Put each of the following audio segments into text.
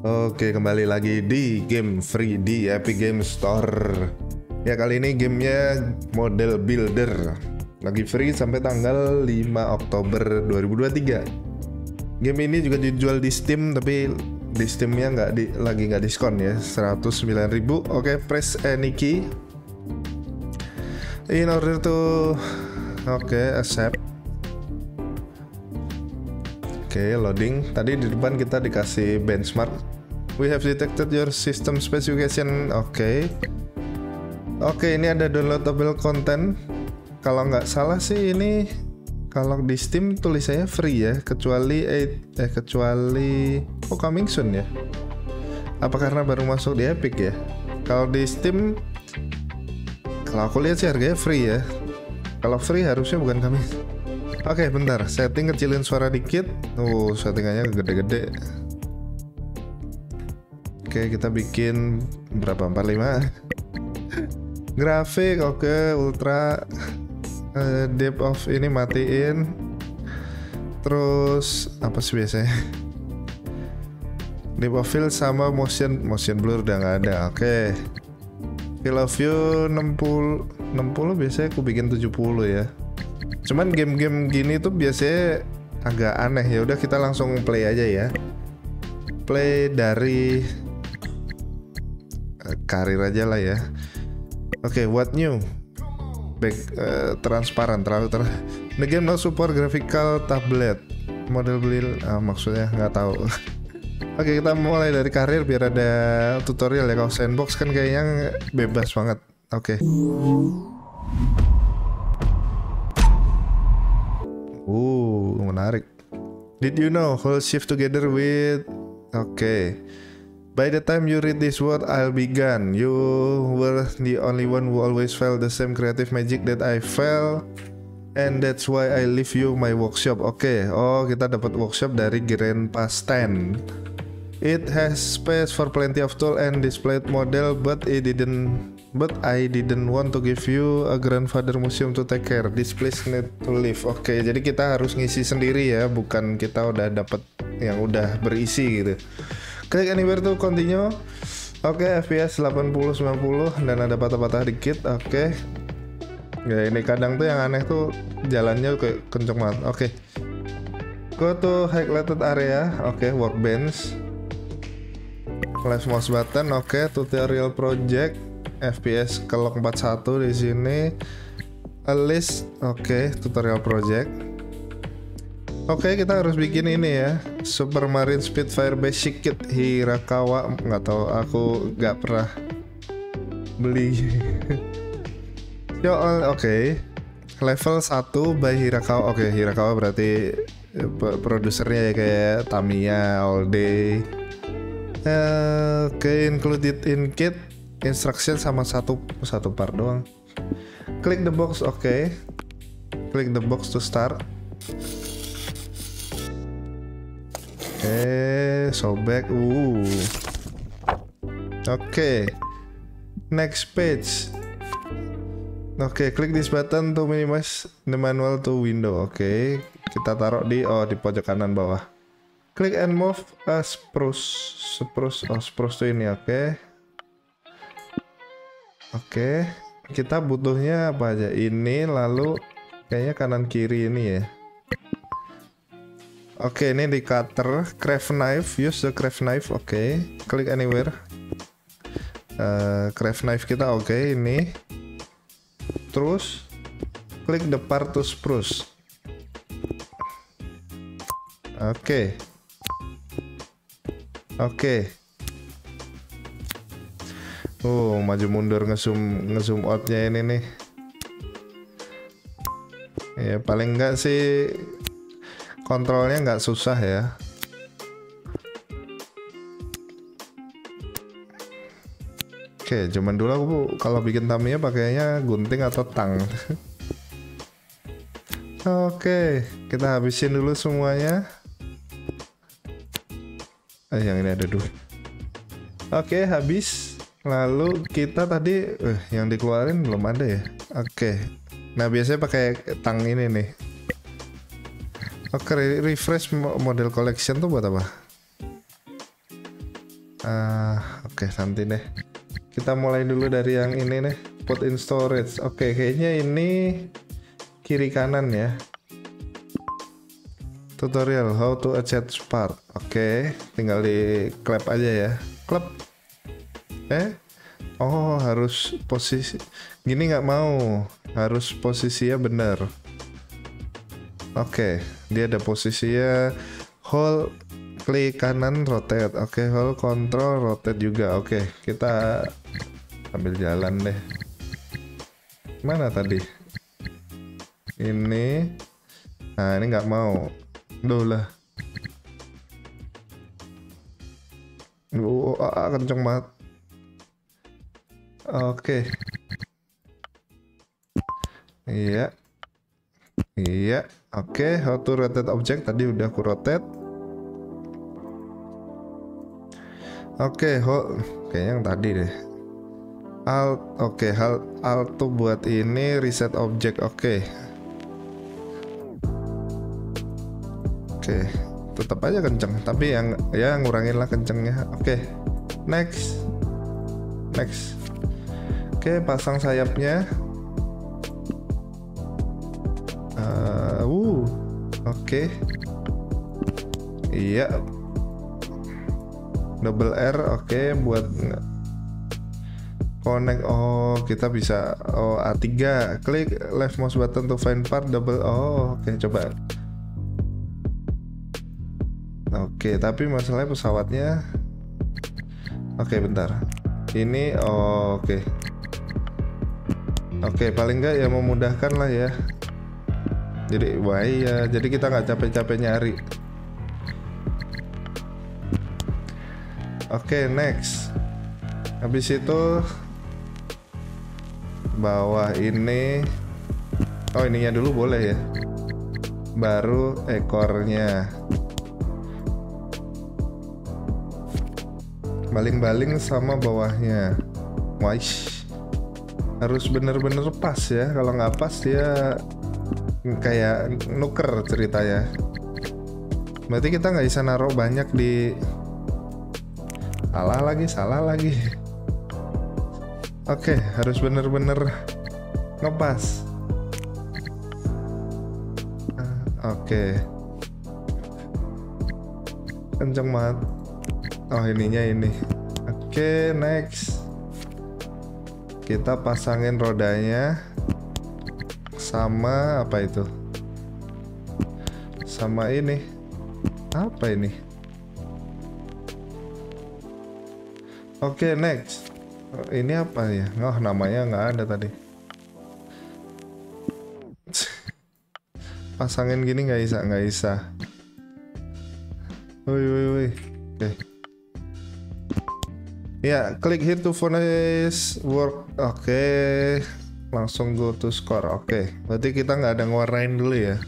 Oke kembali lagi di game free di Epic Game Store Ya kali ini gamenya model builder Lagi free sampai tanggal 5 Oktober 2023 Game ini juga dijual di Steam tapi di Steamnya nggak di, lagi nggak diskon ya 109.000 Oke press any key In order to Oke accept Oke, okay, loading. Tadi di depan kita dikasih benchmark. We have detected your system specification. Oke. Okay. Oke, okay, ini ada downloadable content. Kalau nggak salah sih ini kalau di Steam tulisannya free ya, kecuali eh, eh kecuali oh coming soon ya. Apa karena baru masuk di Epic ya? Kalau di Steam kalau aku lihat sih harganya free ya. Kalau free harusnya bukan kami. Oke, okay, bentar. Setting kecilin suara dikit. Oh, settingannya gede-gede. Oke, okay, kita bikin berapa? 45. Grafik oke, okay, ultra uh, depth of ini matiin. Terus apa sih biasanya? Depth of field sama motion motion blur udah nggak ada. Oke. Okay. Field of view 60 60 biasanya aku bikin 70 ya. Cuman game-game gini tuh biasanya agak aneh ya. Udah kita langsung play aja ya. Play dari eh, karir aja lah ya. Oke, okay, what new? Back uh, transparan terlalu ter. The game no support graphical tablet. Model beli uh, maksudnya nggak tahu. Oke, okay, kita mulai dari karir biar ada tutorial ya. Kalau sandbox kan kayaknya bebas banget. Oke. Okay. Uh, menarik. Did you know whole shift together with Okay. By the time you read this word, I'll be gone. You were the only one who always felt the same creative magic that I felt. And that's why I leave you my workshop. Oke, okay. oh kita dapat workshop dari Grand Pasten. It has space for plenty of tool and displayed model, but it didn't But I didn't want to give you a grandfather museum to take care. This place need to live. Oke, okay, jadi kita harus ngisi sendiri ya, bukan kita udah dapat yang udah berisi gitu. Klik anywhere to continue. Oke, okay, FPS 80 90 dan ada patah-patah dikit. Oke. Okay. Ya ini kadang tuh yang aneh tuh jalannya kayak kenceng banget. Oke. Okay. Go to highlighted area. Oke, okay, workbench. Flash mouse button. Oke, okay, tutorial project FPS Kelok 41 di sini a list oke okay, tutorial project oke okay, kita harus bikin ini ya Super Marine Spitfire Basic Kit Hirakawa nggak tahu aku nggak pernah beli yo oke okay. level 1 by Hirakawa oke okay, Hirakawa berarti eh, produsernya ya kayak Tamiya All Day uh, eh, oke okay, included in kit instruction sama satu satu part doang klik the box oke okay. klik the box to start eh sobek uh oke okay. next page oke okay, klik this button to minimize the manual to window oke okay. kita taruh di oh di pojok kanan bawah klik and move as spruce spruce oh spruce tuh ini oke okay. Oke, kita butuhnya apa aja? Ini lalu kayaknya kanan kiri ini ya. Oke, ini di cutter, craft knife, use the craft knife. Oke, klik anywhere. Uh, eh, craft knife kita oke okay, ini. Terus klik the part to spruce. Oke. Okay. Oke. Okay. Oh, maju mundur ngesum ngesum outnya ini nih. Ya paling enggak sih kontrolnya nggak susah ya. Oke, cuman dulu aku kalau bikin taminya pakainya gunting atau tang. Oke, kita habisin dulu semuanya. Eh, yang ini ada dulu. Oke, habis. Lalu kita tadi eh, yang dikeluarin belum ada ya. Oke. Okay. Nah, biasanya pakai tang ini nih. Oke, okay, refresh model collection tuh buat apa? Uh, oke, okay, nanti deh. Kita mulai dulu dari yang ini nih, put in storage. Oke, okay, kayaknya ini kiri kanan ya. Tutorial how to attach part. Oke, okay, tinggal di clap aja ya. Clap eh oh harus posisi gini nggak mau harus posisinya benar oke okay, dia ada posisinya hold klik kanan rotate oke okay, hold control rotate juga oke okay, kita ambil jalan deh mana tadi ini nah ini nggak mau Duh lah Uh, kenceng banget. Oke. Iya. Iya. Oke, how to rotate object tadi udah aku rotate. Oke, okay, kayaknya yang tadi deh. Alt, oke, okay, alt, alt tuh buat ini reset object. Oke. Okay. Oke, okay. tetap aja kenceng, tapi yang ya ngurangin lah kencengnya. Oke. Okay. Next. Next. Oke, pasang sayapnya. Eh, uh, oke. Okay. Iya. Double R, oke, okay, buat connect. Oh, kita bisa. Oh, A3. Klik left mouse button to find part. Double. Oh, oke, okay, coba. Oke, okay, tapi masalahnya pesawatnya. Oke, okay, bentar. Ini, oh, oke. Okay. Hmm. Oke, paling nggak ya memudahkan lah ya. Jadi wah iya, jadi kita nggak capek-capek nyari. Oke, next. Habis itu bawah ini Oh, ininya dulu boleh ya. Baru ekornya. Baling-baling sama bawahnya. Waish harus bener-bener pas ya kalau nggak pas dia kayak nuker cerita ya berarti kita nggak bisa naruh banyak di salah lagi salah lagi oke okay, harus bener-bener ngepas ah, oke okay. kenceng banget oh ininya ini oke okay, next kita pasangin rodanya sama apa itu sama ini apa ini oke okay, next ini apa ya oh namanya nggak ada tadi pasangin gini nggak bisa nggak bisa woi woi woi oke okay. Ya, klik here to furnish work. Oke, okay. langsung go to score. Oke, okay. berarti kita nggak ada ngewarnain dulu ya.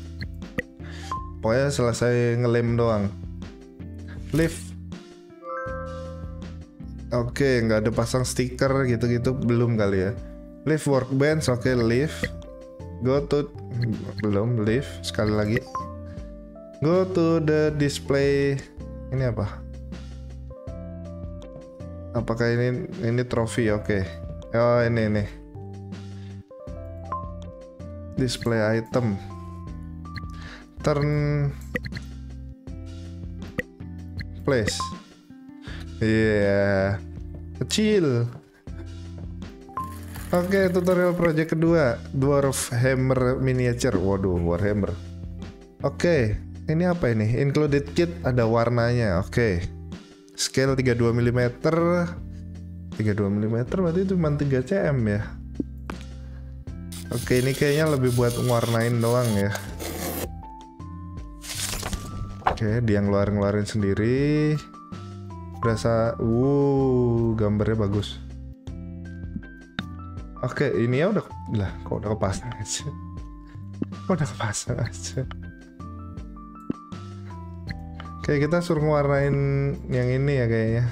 Pokoknya selesai ngelem doang. Lift. Oke, okay, nggak ada pasang stiker gitu-gitu belum kali ya. Lift workbench. Oke, okay, lift. Go to belum lift sekali lagi. Go to the display. Ini apa? apakah ini ini trofi oke okay. oh ini ini display item turn place iya yeah. kecil oke okay, tutorial project kedua dwarf hammer miniature waduh warhammer oke okay. ini apa ini included kit ada warnanya oke okay scale 32 mm 32 mm berarti itu cuma 3 cm ya oke ini kayaknya lebih buat ngewarnain doang ya oke dia ngeluarin-ngeluarin sendiri berasa uh gambarnya bagus oke ini ya udah lah kok udah kepasang aja kok udah kepasang aja Kayak kita suruh ngewarnain yang ini ya kayaknya.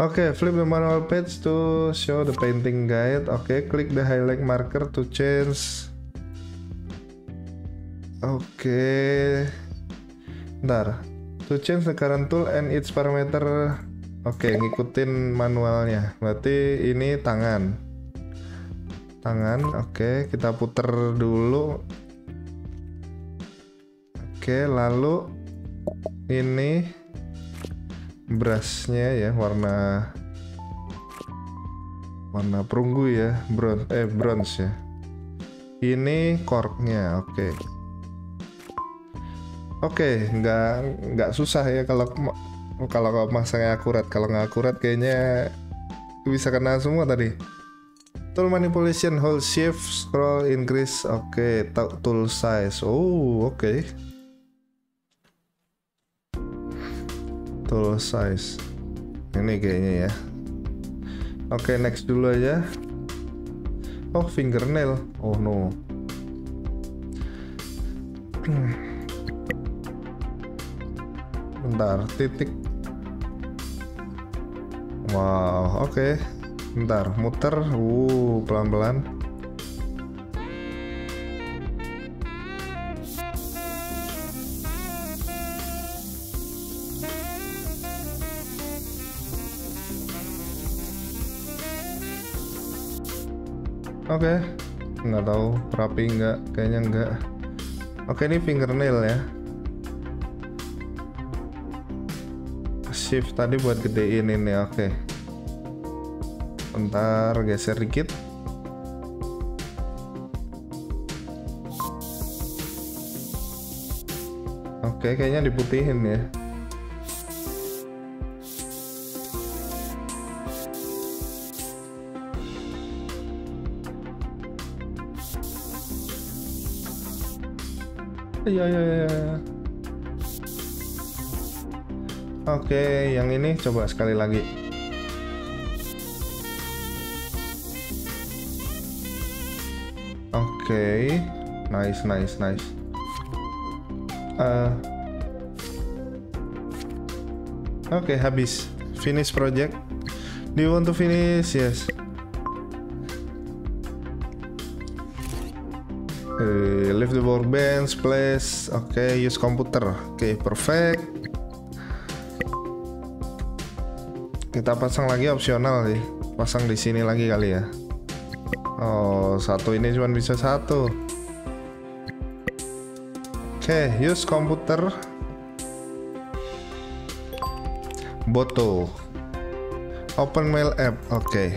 Oke, okay, flip the manual page to show the painting guide. Oke, okay, klik the highlight marker to change. Oke. Okay. Ntar. To change the current tool and its parameter. Oke, okay, ngikutin manualnya. Berarti ini tangan tangan oke kita puter dulu oke lalu ini brushnya ya warna warna perunggu ya bronze eh bronze ya ini corknya oke oke nggak nggak susah ya kalau kalau masangnya akurat kalau nggak akurat kayaknya bisa kena semua tadi Tool manipulation hold shift scroll increase. Oke, okay. tool size. Oh, oke. Okay. Tool size. Ini kayaknya ya. Oke, okay, next dulu aja. Oh, fingernail. Oh no. Bentar, titik. Wow, oke. Okay. Bentar, muter. Uh, pelan-pelan. Oke. Okay. Nggak tahu rapi nggak, kayaknya nggak. Oke, okay, ini fingernail ya. Shift tadi buat gedein ini, oke. Okay sebentar geser dikit oke kayaknya diputihin ya Iya, iya, iya. iya. Oke, yang ini coba sekali lagi. okay. nice nice nice uh, oke okay, habis finish project do you want to finish yes Uh, leave the bench, place. Oke, okay, use komputer. Oke, okay, perfect. Kita pasang lagi opsional sih. Pasang di sini lagi kali ya satu ini cuma bisa satu oke okay, use komputer boto open mail app oke okay.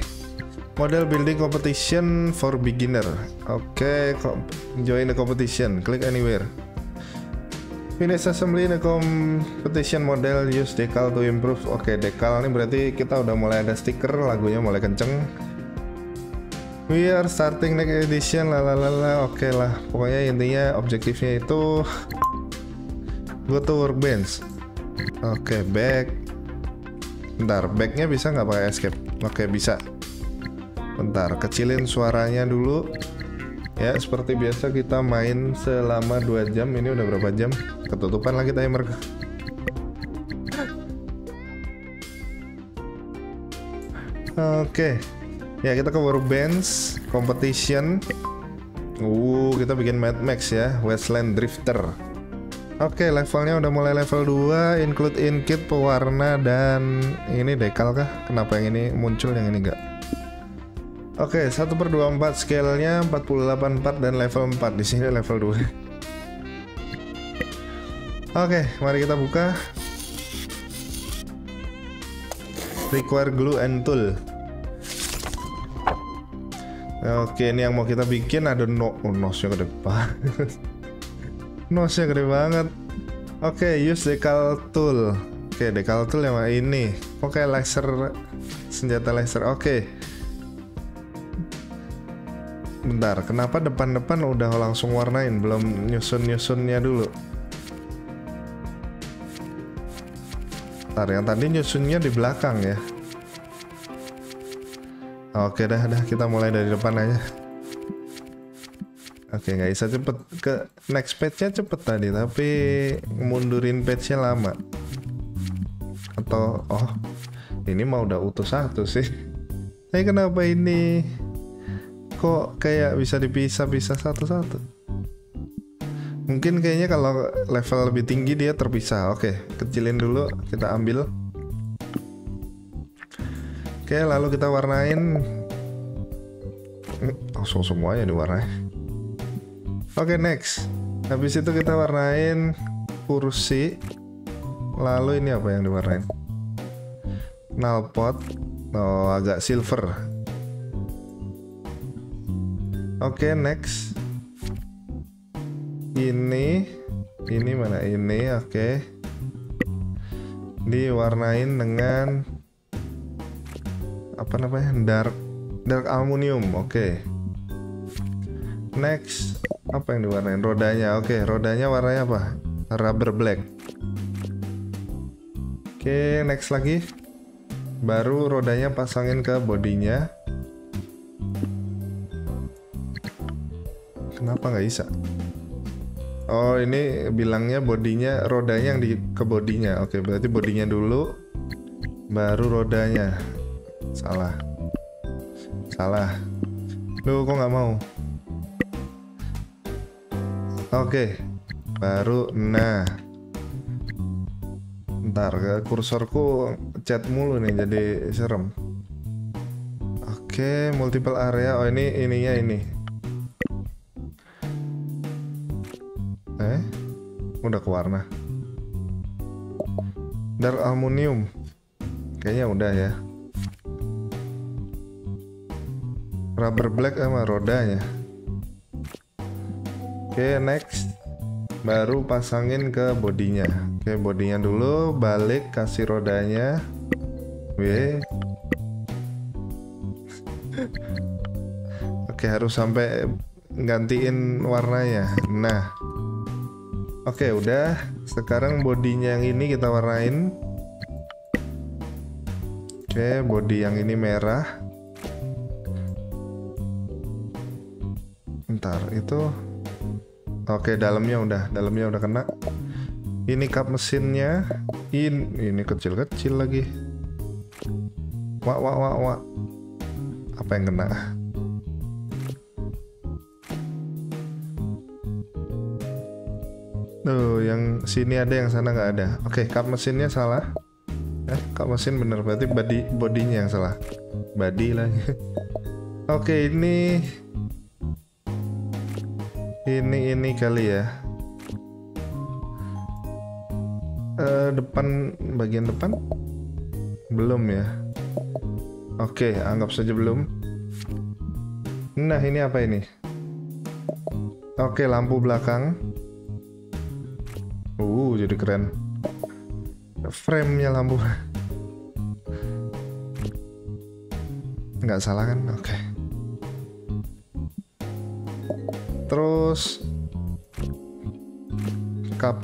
model building competition for beginner oke okay, join the competition click anywhere finish assembly the competition model use decal to improve oke okay, decal ini berarti kita udah mulai ada stiker lagunya mulai kenceng We are starting next edition lalalala oke okay lah pokoknya intinya objektifnya itu gue tuh workbench oke okay, back bentar backnya bisa nggak pakai escape oke okay, bisa bentar kecilin suaranya dulu ya seperti biasa kita main selama 2 jam ini udah berapa jam ketutupan lagi timer oke okay. Ya kita ke bands competition. Uh kita bikin Mad Max ya Westland Drifter. Oke okay, levelnya udah mulai level 2 include in kit pewarna dan ini dekal kah? Kenapa yang ini muncul yang ini enggak? Oke, okay, 1 per empat puluh delapan empat dan level empat di sini level dua. Oke, okay, mari kita buka Require glue and tool Oke, ini yang mau kita bikin ada no oh, nosnya gede banget. nosnya gede banget. Oke, use decal tool. Oke, decal tool yang ini. Oke, laser senjata laser. Oke. Bentar, kenapa depan-depan udah langsung warnain, belum nyusun-nyusunnya dulu? Bentar, yang tadi nyusunnya di belakang ya. Oke dah, dah kita mulai dari depan aja. Oke nggak bisa cepet ke next page-nya cepet tadi, tapi mundurin page-nya lama. Atau oh ini mau udah utuh satu sih. Tapi eh, kenapa ini kok kayak bisa dipisah-pisah satu-satu? Mungkin kayaknya kalau level lebih tinggi dia terpisah. Oke, kecilin dulu, kita ambil. Oke, lalu kita warnain langsung semuanya diwarnai. Oke, next. Habis itu kita warnain kursi. Lalu ini apa yang diwarnain? Nalpot. Oh, agak silver. Oke, next. Ini ini mana ini? Oke. Diwarnain dengan apa namanya dark dark aluminium oke okay. next apa yang diwarnain rodanya oke okay, rodanya warnanya apa rubber black oke okay, next lagi baru rodanya pasangin ke bodinya kenapa nggak bisa oh ini bilangnya bodinya rodanya yang di ke bodinya oke okay, berarti bodinya dulu baru rodanya Salah. Salah. Lu kok nggak mau? Oke. Baru nah. Ntar ke kursorku chat mulu nih jadi serem. Oke, multiple area. Oh, ini ininya ini. Eh, udah ke warna. Dark aluminium. Kayaknya udah ya. rubber black sama rodanya oke okay, next baru pasangin ke bodinya oke okay, bodinya dulu balik kasih rodanya W oke okay, harus sampai gantiin warnanya nah oke okay, udah sekarang bodinya yang ini kita warnain oke okay, body yang ini merah ntar itu oke dalamnya udah dalamnya udah kena ini kap mesinnya in ini kecil kecil lagi wah wah wah wah apa yang kena Tuh, yang sini ada, yang sana nggak ada. Oke, kap mesinnya salah. Eh, kap mesin bener berarti body bodinya yang salah. Body lagi. Oke, ini ini ini kali ya uh, depan bagian depan belum ya oke anggap saja belum nah ini apa ini oke lampu belakang uh jadi keren frame nya lampu nggak salah kan oke okay. terus kap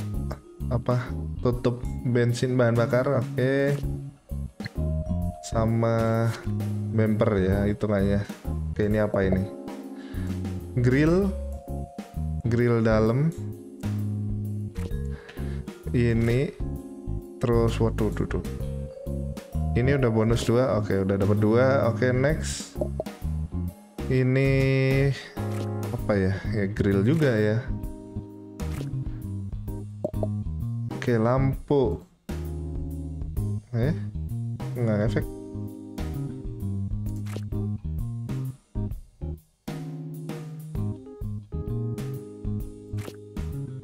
apa tutup bensin bahan bakar oke okay. sama bumper ya itu hitungannya oke ini apa ini grill grill dalam ini terus waduh duduk ini udah bonus dua oke okay, udah dapat dua oke okay, next ini apa ya ya grill juga ya oke lampu eh nggak efek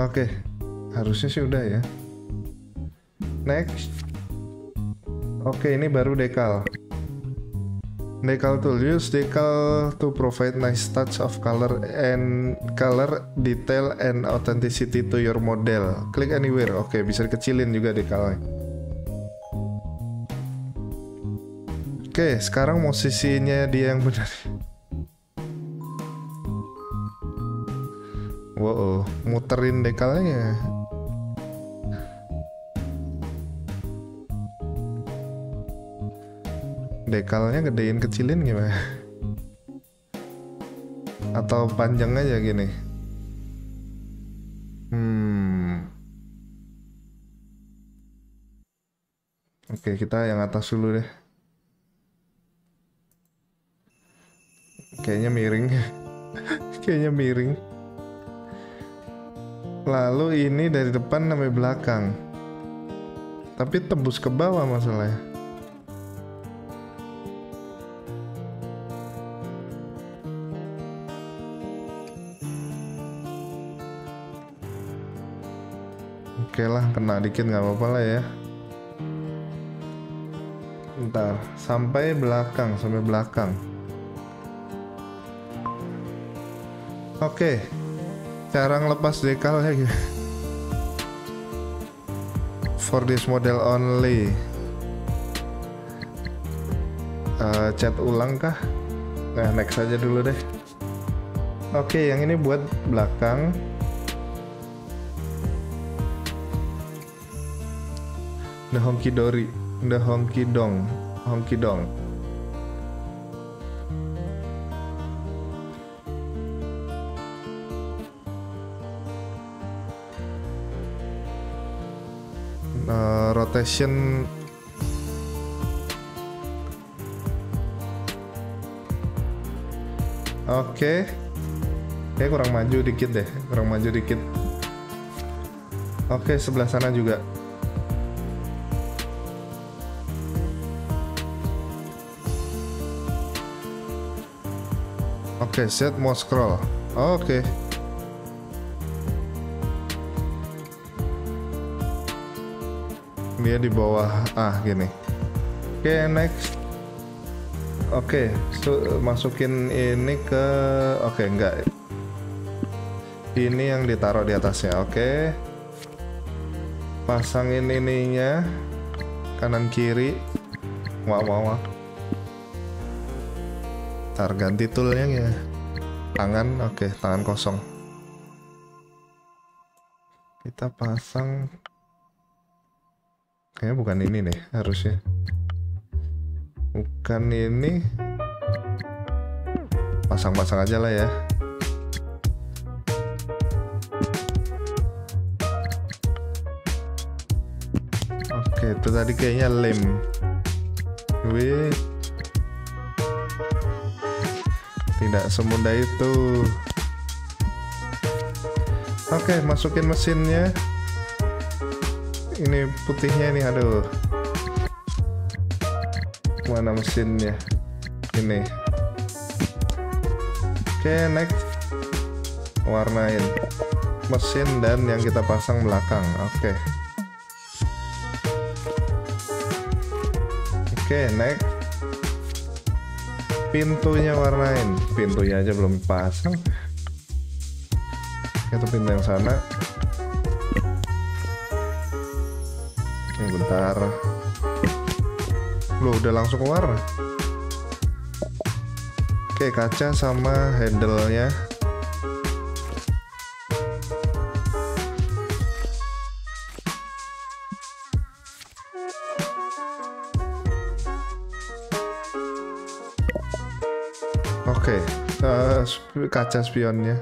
Oke, harusnya sih udah ya. Next. Oke, ini baru dekal. Decal tool use decal to provide nice touch of color and color detail and authenticity to your model. Click anywhere. Oke, okay, bisa dikecilin juga decalnya. Oke, okay, sekarang posisinya dia yang benar. Wow, muterin decalnya. dekalnya gedein kecilin gimana atau panjang aja gini hmm oke kita yang atas dulu deh kayaknya miring kayaknya miring lalu ini dari depan sampai belakang tapi tembus ke bawah masalahnya oke okay lah kena dikit nggak apa-apa lah ya ntar sampai belakang sampai belakang oke okay. cara ngelepas dekalnya gitu for this model only uh, eh, chat ulang kah nah next aja dulu deh oke okay, yang ini buat belakang The Honky Dory, The Honky Dong, Honky Dong. Uh, rotation Oke. Okay. Kayak kurang maju dikit deh, kurang maju dikit. Oke, okay, sebelah sana juga. Oh, oke, okay, set mode scroll. Oke. Okay. Dia di bawah ah gini. Oke, okay, next. Oke, okay, so, masukin ini ke oke okay, enggak. Ini yang ditaruh di atasnya. Oke. Okay. Pasangin ininya kanan kiri. Wah, wah, wah. Ntar ganti toolnya ya. Tangan, oke, okay, tangan kosong. Kita pasang... Kayaknya bukan ini nih, harusnya. Bukan ini. Pasang-pasang aja lah ya. Oke, okay, itu tadi kayaknya lem. Wih. tidak semudah itu oke masukin mesinnya ini putihnya nih aduh mana mesinnya ini oke next warnain mesin dan yang kita pasang belakang oke oke next pintunya warnain pintunya aja belum pasang itu pintu yang sana ini bentar lo udah langsung keluar oke kaca sama handle nya kaca spionnya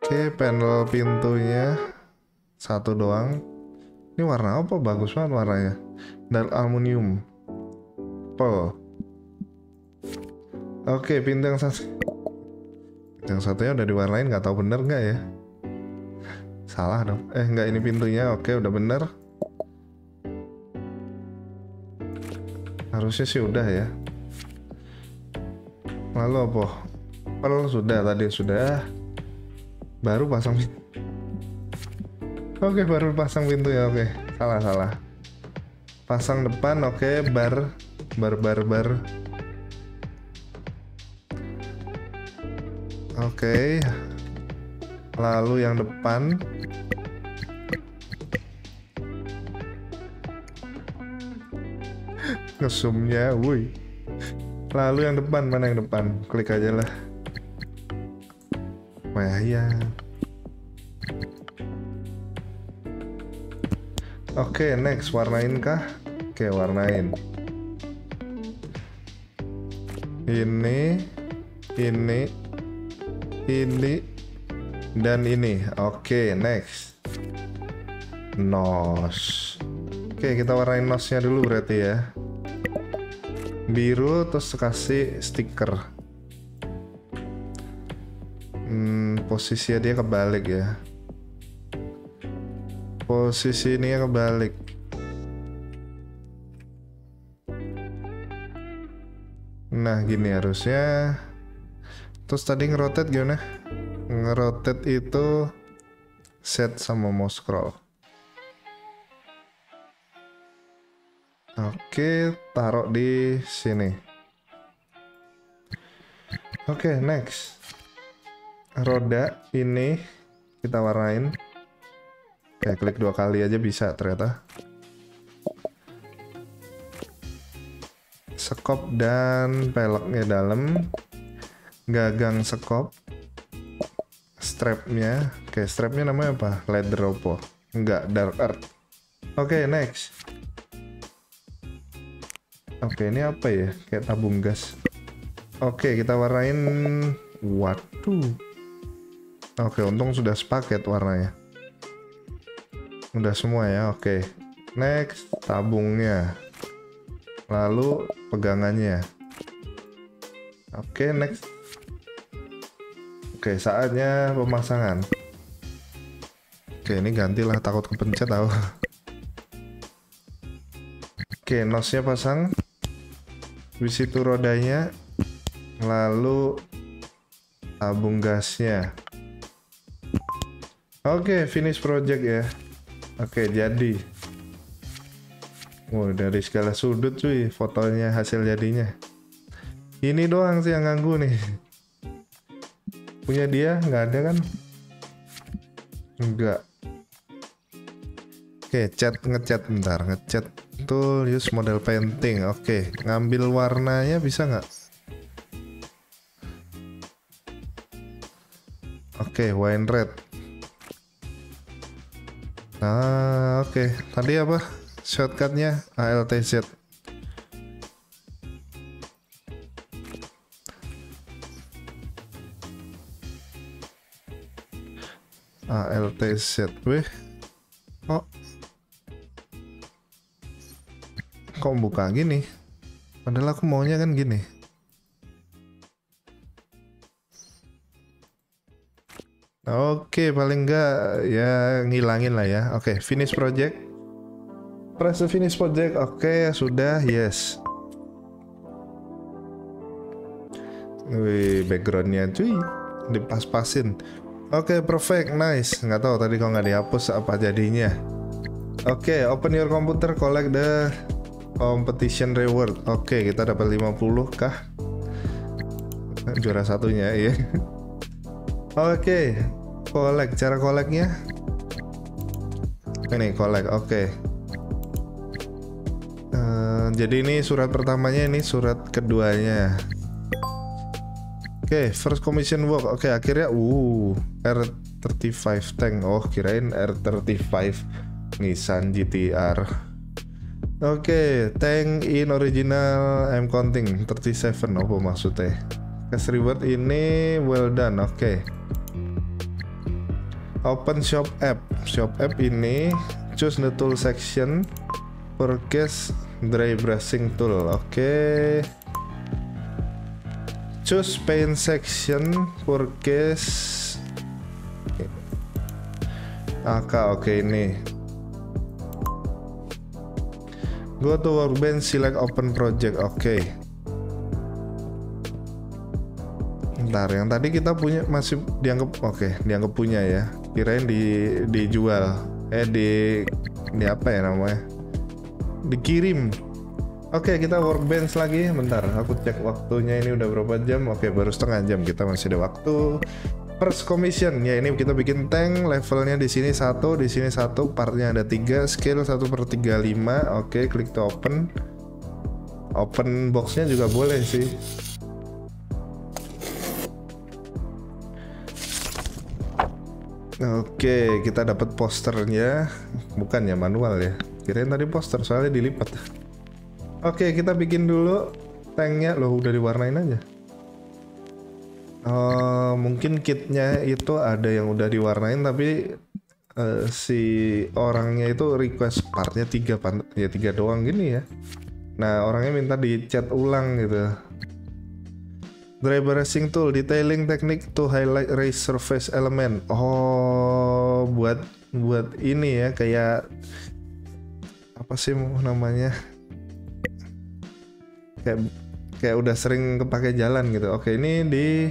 oke panel pintunya satu doang ini warna apa bagus banget warnanya dan aluminium pol oke pintu yang satu yang satunya udah diwarnain nggak tahu bener nggak ya salah dong eh nggak ini pintunya oke udah bener harusnya sih udah ya lalu apa kalau sudah tadi sudah baru pasang oke okay, baru pasang pintu ya oke okay. salah salah pasang depan oke okay. bar bar bar bar oke okay. lalu yang depan ke ya woi lalu yang depan mana yang depan klik aja lah ya oke okay, next warnain kah oke okay, warnain ini ini ini dan ini oke okay, next nos oke okay, kita warnain nosnya dulu berarti ya biru terus kasih stiker hmm, posisinya dia kebalik ya posisi ini kebalik nah gini harusnya terus tadi ngerotet gimana ngerotet itu set sama mouse scroll Oke, taruh di sini. Oke, next. Roda ini kita warnain. Oke, klik dua kali aja bisa ternyata. Sekop dan peleknya dalam. Gagang sekop. Strapnya. Oke, strapnya namanya apa? Leather Oppo. Enggak, Dark Earth. Oke, next Oke, ini apa ya? Kayak tabung gas. Oke, kita warnain. Waduh. Oke, untung sudah sepaket warnanya. Udah semua ya, oke. Next, tabungnya. Lalu pegangannya. Oke, next. Oke, saatnya pemasangan. Oke, ini gantilah takut kepencet tahu. Oke, nosnya pasang. Habis itu rodanya, lalu tabung gasnya. Oke, okay, finish project ya. Oke, okay, jadi. Wow, dari segala sudut cuy fotonya hasil jadinya. Ini doang sih yang ganggu nih. Punya dia nggak ada kan? Enggak. Oke, okay, chat ngecat bentar, ngecat tool use model painting oke okay. ngambil warnanya bisa nggak oke okay, wine red nah oke okay. tadi apa shortcutnya ALTZ ALTZ weh kok oh kok buka gini padahal aku maunya kan gini Oke, okay, paling enggak ya ngilangin lah ya. Oke, okay, finish project. Press the finish project. Oke, okay, sudah. Yes. Wih, backgroundnya cuy. Dipas-pasin. Oke, okay, perfect. Nice. Nggak tahu tadi kok nggak dihapus apa jadinya. Oke, okay, open your computer, collect the competition reward. Oke, okay, kita dapat 50 kah? Juara satunya ya. Oke, okay. Kolek, cara koleknya. Ini kolek. Oke. Okay. Uh, eh, jadi ini surat pertamanya, ini surat keduanya. Oke, okay, first commission work. Oke, okay, akhirnya uh R35 tank. Oh, kirain R35 Nissan GTR. Oke, okay, tank in original I'm counting 37 apa maksudnya? Cash reward ini well done. Oke. Okay. Open shop app. Shop app ini choose the tool section purchase dry brushing tool. Oke. Okay. Choose paint section purchase Aka oke okay, ini Go to workbench, select open project. Oke. Okay. Ntar yang tadi kita punya masih dianggap oke, okay, dianggap punya ya. Kirain di dijual. Eh di di apa ya namanya? Dikirim. Oke, okay, kita workbench lagi. Bentar, aku cek waktunya ini udah berapa jam. Oke, okay, baru setengah jam. Kita masih ada waktu first commission ya ini kita bikin tank levelnya di sini satu di sini satu partnya ada tiga skill satu per tiga lima oke klik to open open boxnya juga boleh sih Oke, kita dapat posternya. Bukan ya manual ya. Kirain tadi poster soalnya dilipat. Oke, kita bikin dulu tanknya. Loh, udah diwarnain aja. Eh, mungkin kitnya itu ada yang udah diwarnain tapi uh, si orangnya itu request partnya tiga part ya tiga doang gini ya. Nah orangnya minta dicat ulang gitu. driver racing tool, detailing teknik, to highlight race surface element. Oh, buat buat ini ya kayak apa sih namanya? Kayak kayak udah sering kepake jalan gitu. Oke, ini di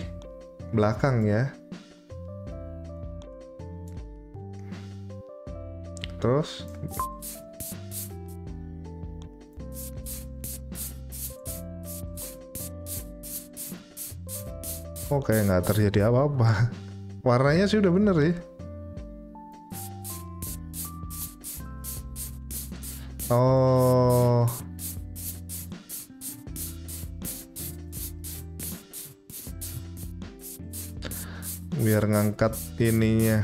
belakang ya terus oke nggak terjadi apa-apa warnanya sih udah bener sih oh biar ngangkat ininya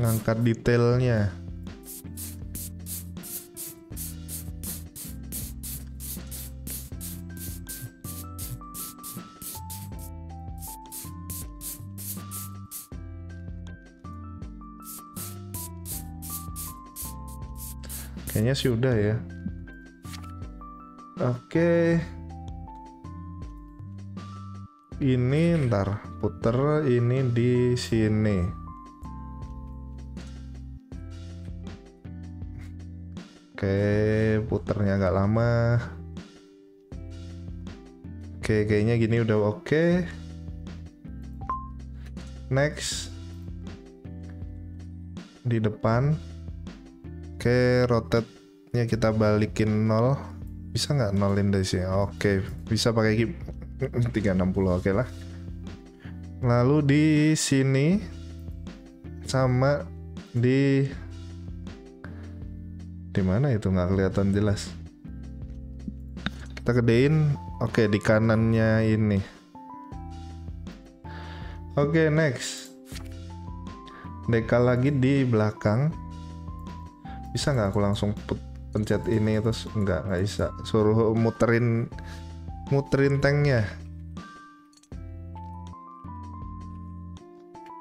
ngangkat detailnya kayaknya sih udah ya Oke. Ini ntar puter ini di sini. Oke, puternya agak lama. Oke, kayaknya gini udah oke. Next. Di depan. Oke, rotate-nya kita balikin 0 bisa nggak nolin dari sini oke bisa pakai gip 360 oke lah lalu di sini sama di di mana itu nggak kelihatan jelas kita gedein oke di kanannya ini oke next deka lagi di belakang bisa nggak aku langsung put pencet ini terus nggak nggak bisa suruh muterin muterin tanknya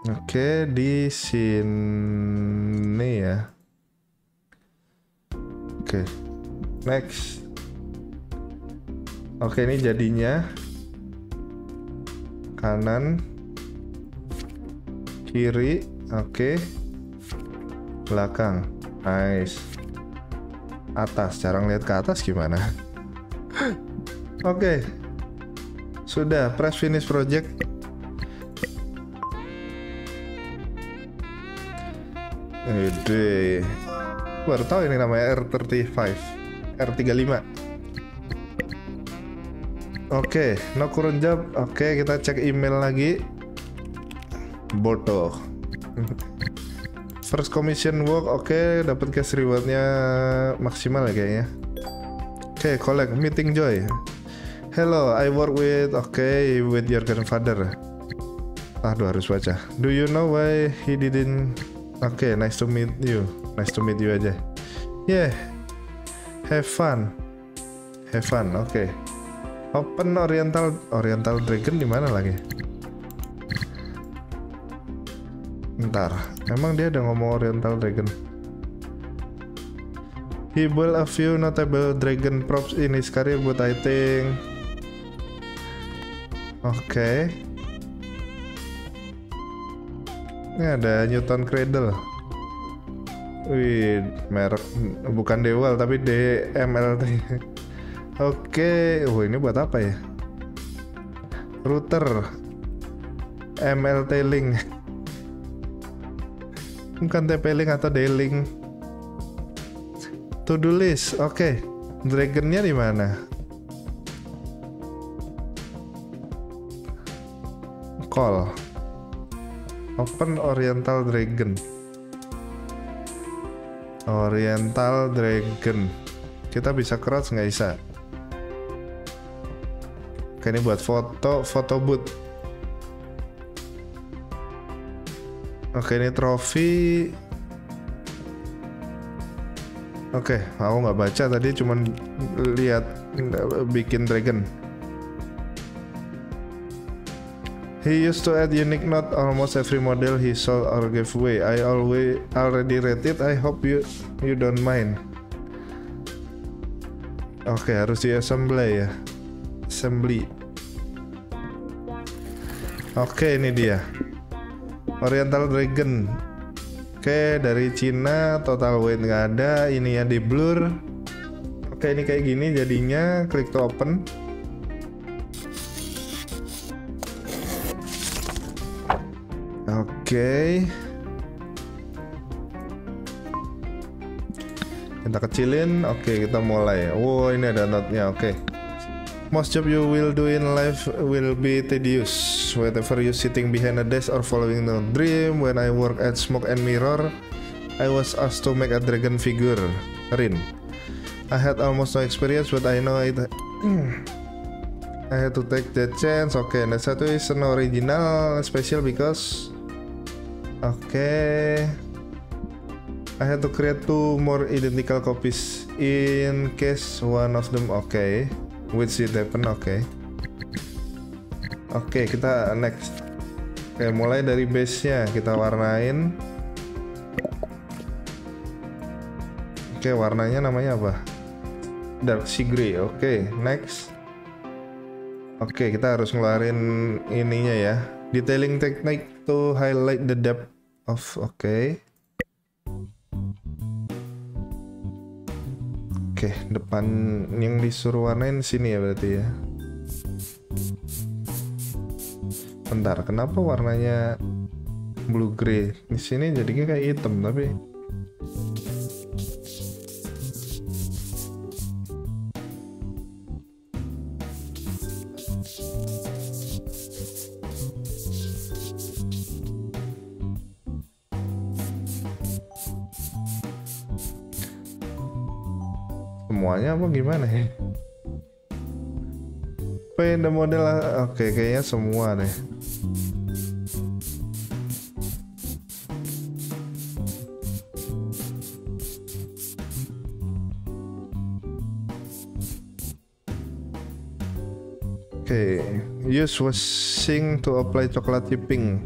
Oke, di sini ya. Oke. Next. Oke, ini jadinya kanan kiri, oke. Belakang. Nice atas jarang lihat ke atas gimana oke okay. sudah press finish project Ede. Baru tahu ini namanya R35 R35 Oke, okay, no current job. Oke, okay, kita cek email lagi. Bodoh. first commission work oke okay, dapat cash rewardnya maksimal ya kayaknya oke okay, collect meeting joy hello I work with oke okay, with your grandfather ah, aduh harus baca do you know why he didn't oke okay, nice to meet you nice to meet you aja yeah have fun have fun oke okay. open oriental oriental dragon dimana lagi Ntar, emang dia ada ngomong Oriental Dragon? He built a few notable dragon props in his career, but I think... Oke. Okay. Ini ada Newton Cradle. Wih, merek bukan Dewal tapi DMLT. Oke, okay. oh ini buat apa ya? Router MLT Link bukan TP-Link atau D-Link to do list oke okay. dragonnya di mana call open oriental dragon oriental dragon kita bisa cross nggak bisa Oke, ini buat foto foto boot. Oke ini trofi. Oke, aku nggak baca tadi cuman lihat eh, bikin dragon. He used to add unique note almost every model he sold or gave away. I always already read it. I hope you you don't mind. Oke, okay, harus di assembly ya. Assembly. Oke, okay, ini dia. Oriental Dragon Oke dari Cina total weight nggak ada ini ya di blur Oke ini kayak gini jadinya klik to open Oke Kita kecilin Oke kita mulai Wow ini ada notnya oke Most job you will do in life will be tedious Whatever you sitting behind a desk or following the dream. When I work at Smoke and Mirror, I was asked to make a dragon figure. Rin. I had almost no experience, but I know it. I had to take the chance. Okay, that satu is an original special because. Okay. I had to create two more identical copies in case one of them okay, which it happened okay. Oke, okay, kita next. Oke, okay, mulai dari base-nya kita warnain. Oke, okay, warnanya namanya apa? Dark sea grey. Oke, okay, next. Oke, okay, kita harus ngeluarin ininya ya. Detailing technique to highlight the depth of oke. Okay. Oke, okay, depan yang disuruh warnain sini ya berarti ya bentar kenapa warnanya blue grey di sini jadinya kayak hitam tapi semuanya apa gimana ya? Pindah model oke kayaknya semua deh. Okay, use washing to apply chocolate chipping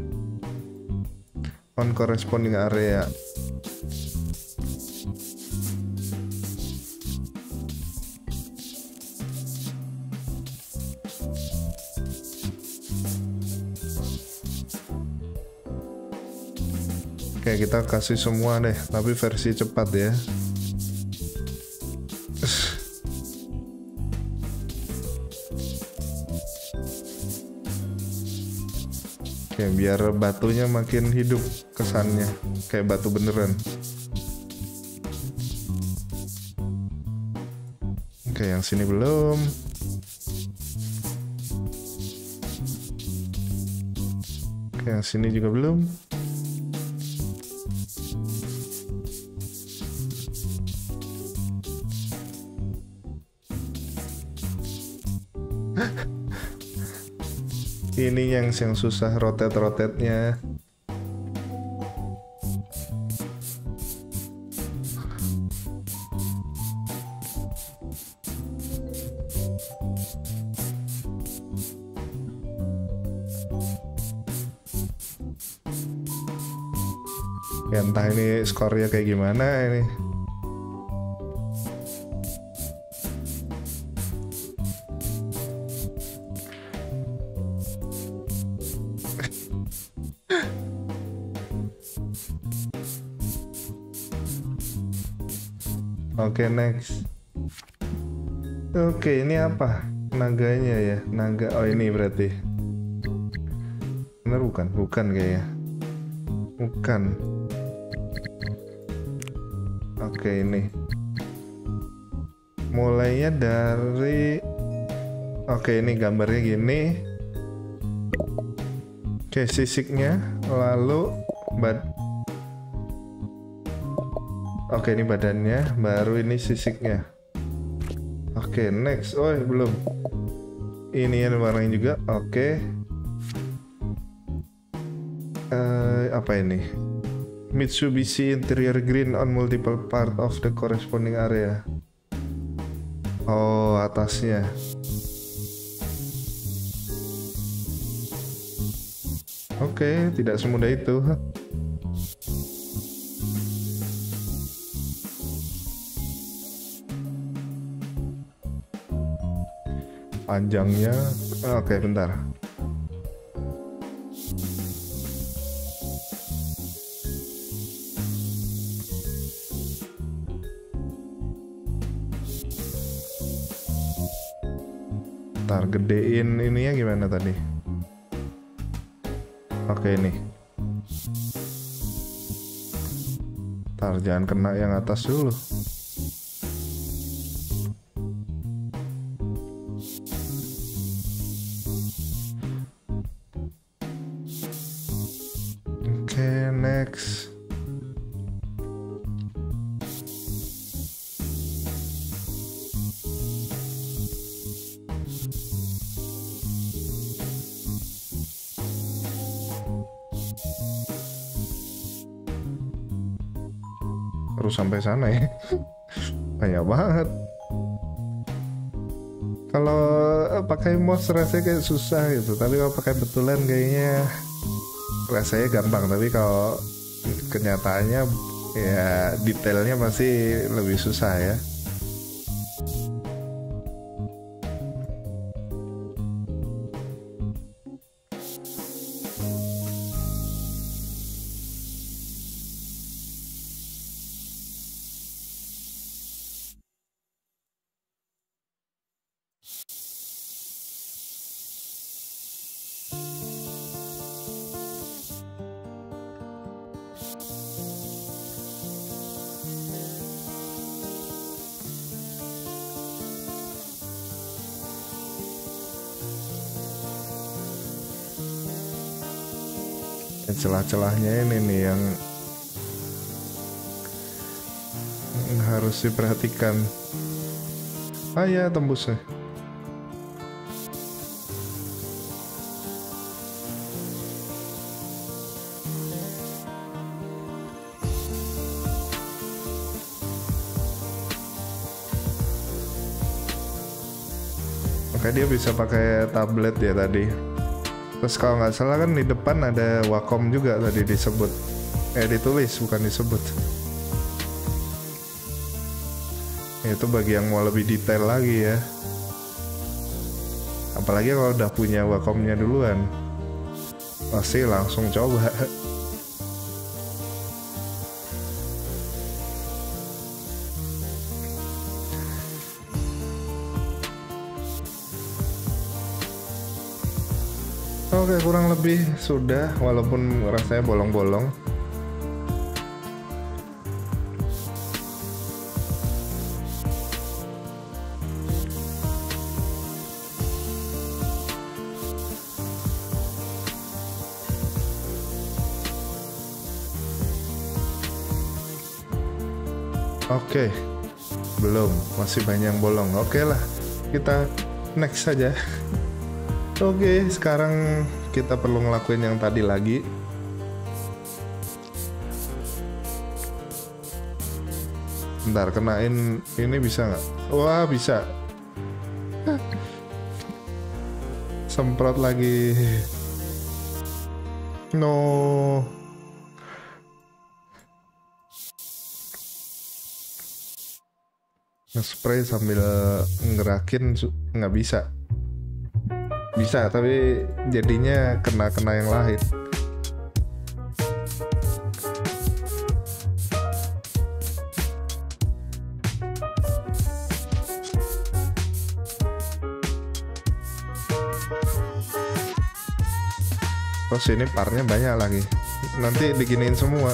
on corresponding area. Oke, okay, kita kasih semua deh, tapi versi cepat ya. biar batunya makin hidup kesannya kayak batu beneran oke yang sini belum oke yang sini juga belum yang susah rotate rotetnya Ya entah ini skornya kayak gimana ini. Oke, okay, next. Oke, okay, ini apa? Naganya ya. Naga. Oh, ini berarti. Benar bukan? Bukan kayaknya. Bukan. Oke, okay, ini. Mulainya dari Oke, ini gambarnya gini. Oke, sisiknya lalu bat Oke, ini badannya, baru ini sisiknya. Oke, next. Oh, belum. Ini ada warnanya juga. Oke. Uh, apa ini? Mitsubishi interior green on multiple part of the corresponding area. Oh, atasnya. Oke, tidak semudah itu. panjangnya ah, oke okay, bentar bentar gedein ininya gimana tadi oke okay, ini ntar jangan kena yang atas dulu sana ya banyak banget kalau eh, pakai mouse rasanya kayak susah gitu tapi kalau pakai betulan kayaknya rasanya gampang tapi kalau kenyataannya ya detailnya masih lebih susah ya celah-celahnya ini nih yang harus diperhatikan ah iya, ya tembusnya Oke, dia bisa pakai tablet ya tadi. Terus kalau nggak salah kan di depan ada Wacom juga tadi disebut. Eh ditulis bukan disebut. Itu bagi yang mau lebih detail lagi ya. Apalagi kalau udah punya Wacomnya duluan. Pasti langsung coba. sih sudah walaupun rasanya bolong-bolong. Oke, okay. belum, masih banyak bolong. Oke okay lah, kita next saja. Oke, okay, sekarang kita perlu ngelakuin yang tadi lagi ntar kenain ini bisa nggak wah bisa semprot lagi no nge-spray sambil ngerakin nggak bisa bisa tapi jadinya kena kena yang lain terus oh, ini partnya banyak lagi nanti diginiin semua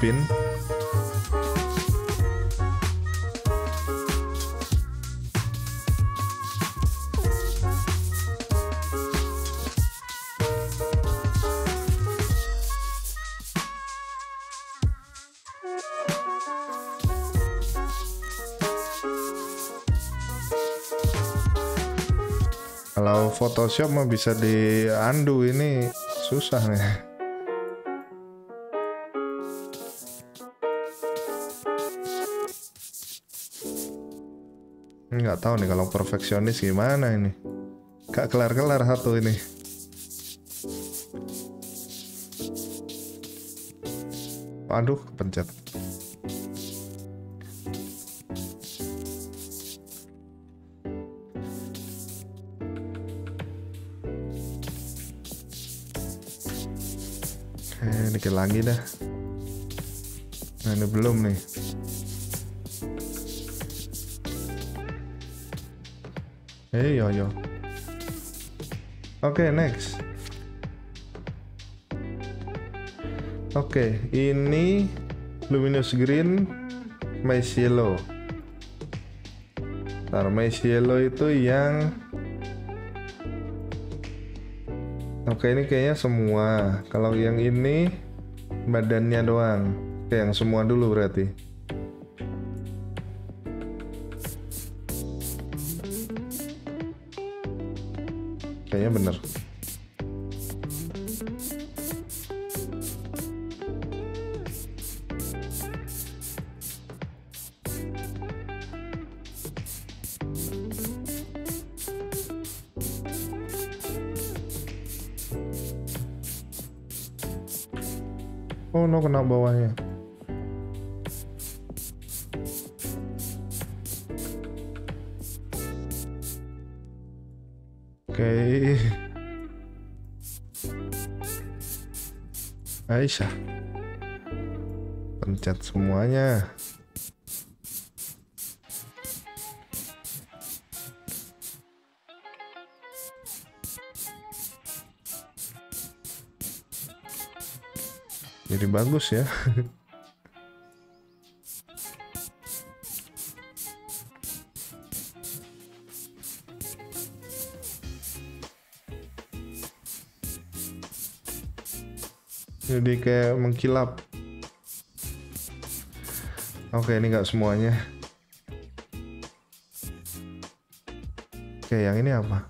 kalau Photoshop mah bisa di ini susah nih tahu nih kalau perfeksionis gimana ini gak kelar-kelar satu ini aduh kepencet Eh, dikit lagi dah. Nah, ini belum nih. yo yo. Oke, okay, next. Oke, okay, ini luminous green mesh yellow. Ntar mesh yellow itu yang Oke, okay, ini kayaknya semua. Kalau yang ini badannya doang. Oke, yang semua dulu berarti. jawabannya bener Oh no kena bawahnya. Aisyah pencet semuanya jadi bagus ya jadi kayak mengkilap oke ini nggak semuanya oke yang ini apa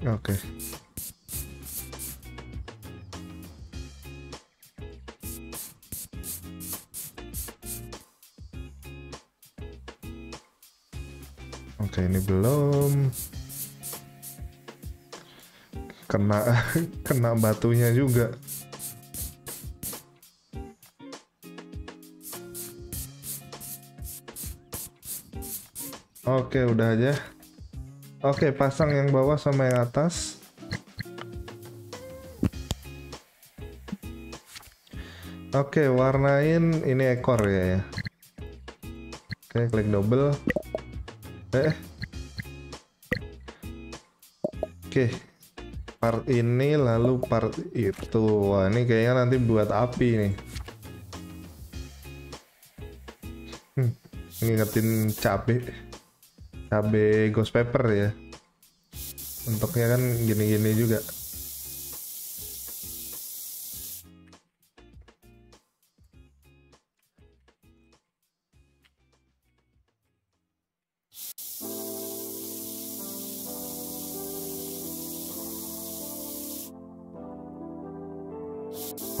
Oke. Okay. Oke, okay, ini belum kena kena batunya juga. Oke, udah aja. Oke, okay, pasang yang bawah sama yang atas. Oke, okay, warnain ini ekor ya ya. Oke, okay, klik double. Eh. Oke. Okay. Part ini lalu part itu. Wah, ini kayaknya nanti buat api nih. Hmm, ngingetin cabai. KB Ghost Pepper ya bentuknya kan gini-gini juga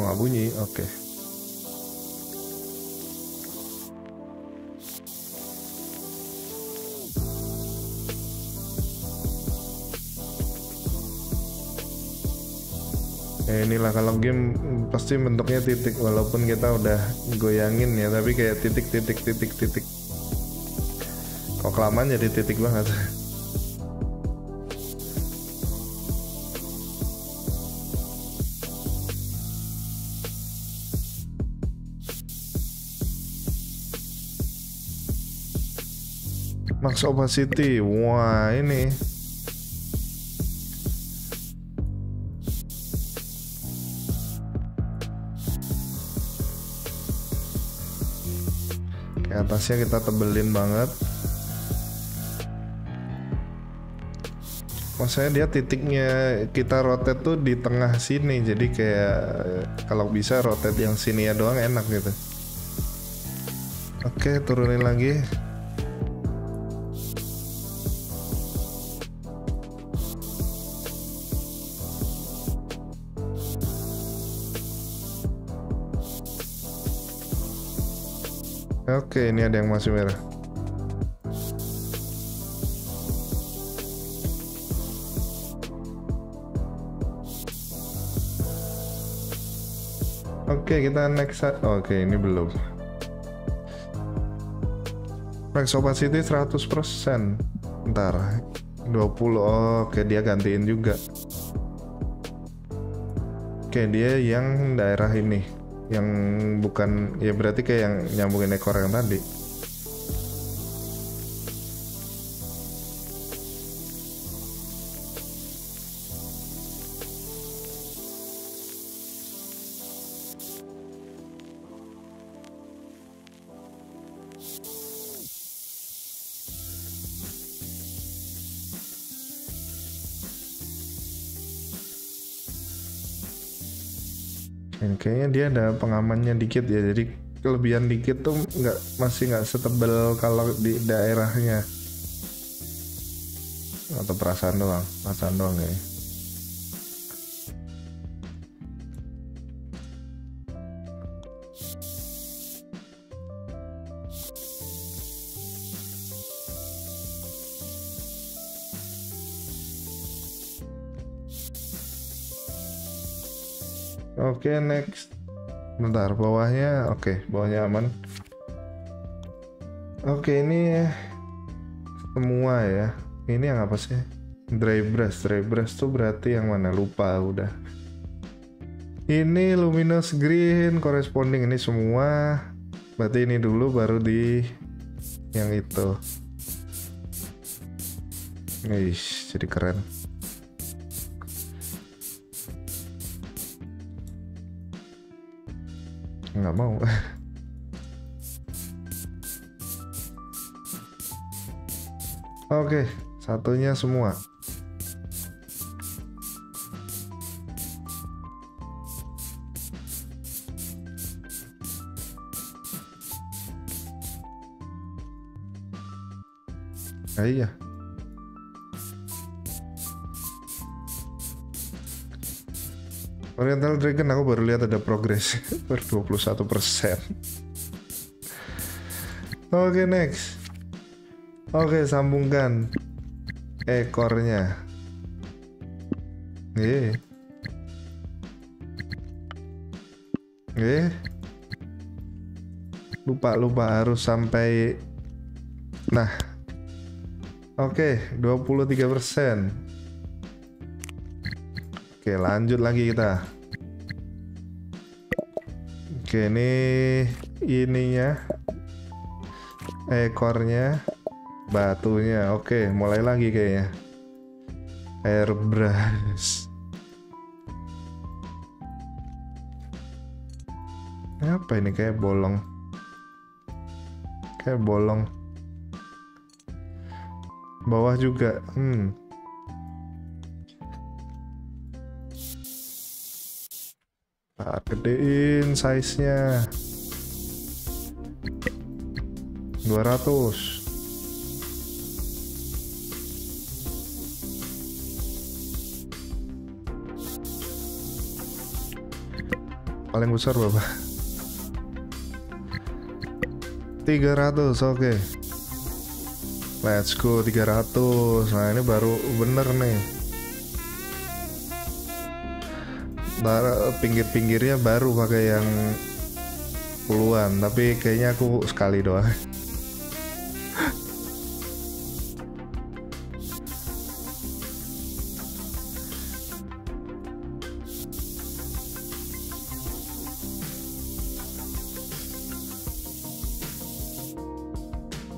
Oh, nggak bunyi, oke. Okay. inilah kalau game pasti bentuknya titik walaupun kita udah goyangin ya tapi kayak titik titik titik titik kok kelamaan jadi titik banget Max Opacity wah ini atasnya kita tebelin banget maksudnya dia titiknya kita rotate tuh di tengah sini jadi kayak kalau bisa rotate yang sini ya doang enak gitu oke turunin lagi Oke, ini ada yang masih merah. Oke, kita next. set. Oke, ini belum. Max opacity 100%. Ntar 20. Oke, dia gantiin juga. Oke, dia yang daerah ini yang bukan ya berarti kayak yang nyambungin ekor yang tadi kayaknya dia ada pengamannya dikit ya jadi kelebihan dikit tuh nggak masih nggak setebal kalau di daerahnya atau perasaan doang perasaan doang kayaknya okay, next bentar bawahnya oke okay, bawahnya aman oke okay, ini semua ya ini yang apa sih dry brush dry brush tuh berarti yang mana lupa udah ini luminous green corresponding ini semua berarti ini dulu baru di yang itu Eish, jadi keren nggak mau Oke, satunya semua. Nah, iya. Oriental Dragon aku baru lihat ada progres per 21 persen. Oke okay, next. Oke okay, sambungkan ekornya. Nih. Yeah. Lupa lupa harus sampai. Nah. Oke okay, 23 persen. Oke, lanjut lagi kita. Oke, ini ininya ekornya batunya. Oke, mulai lagi kayaknya. Airbrush. Apa ini kayak bolong? Kayak bolong. Bawah juga. Hmm, Ntar ah, gedein size-nya. 200. paling besar berapa? 300 oke okay. let's go 300 nah ini baru bener nih bar pinggir-pinggirnya baru pakai yang puluhan tapi kayaknya aku sekali doang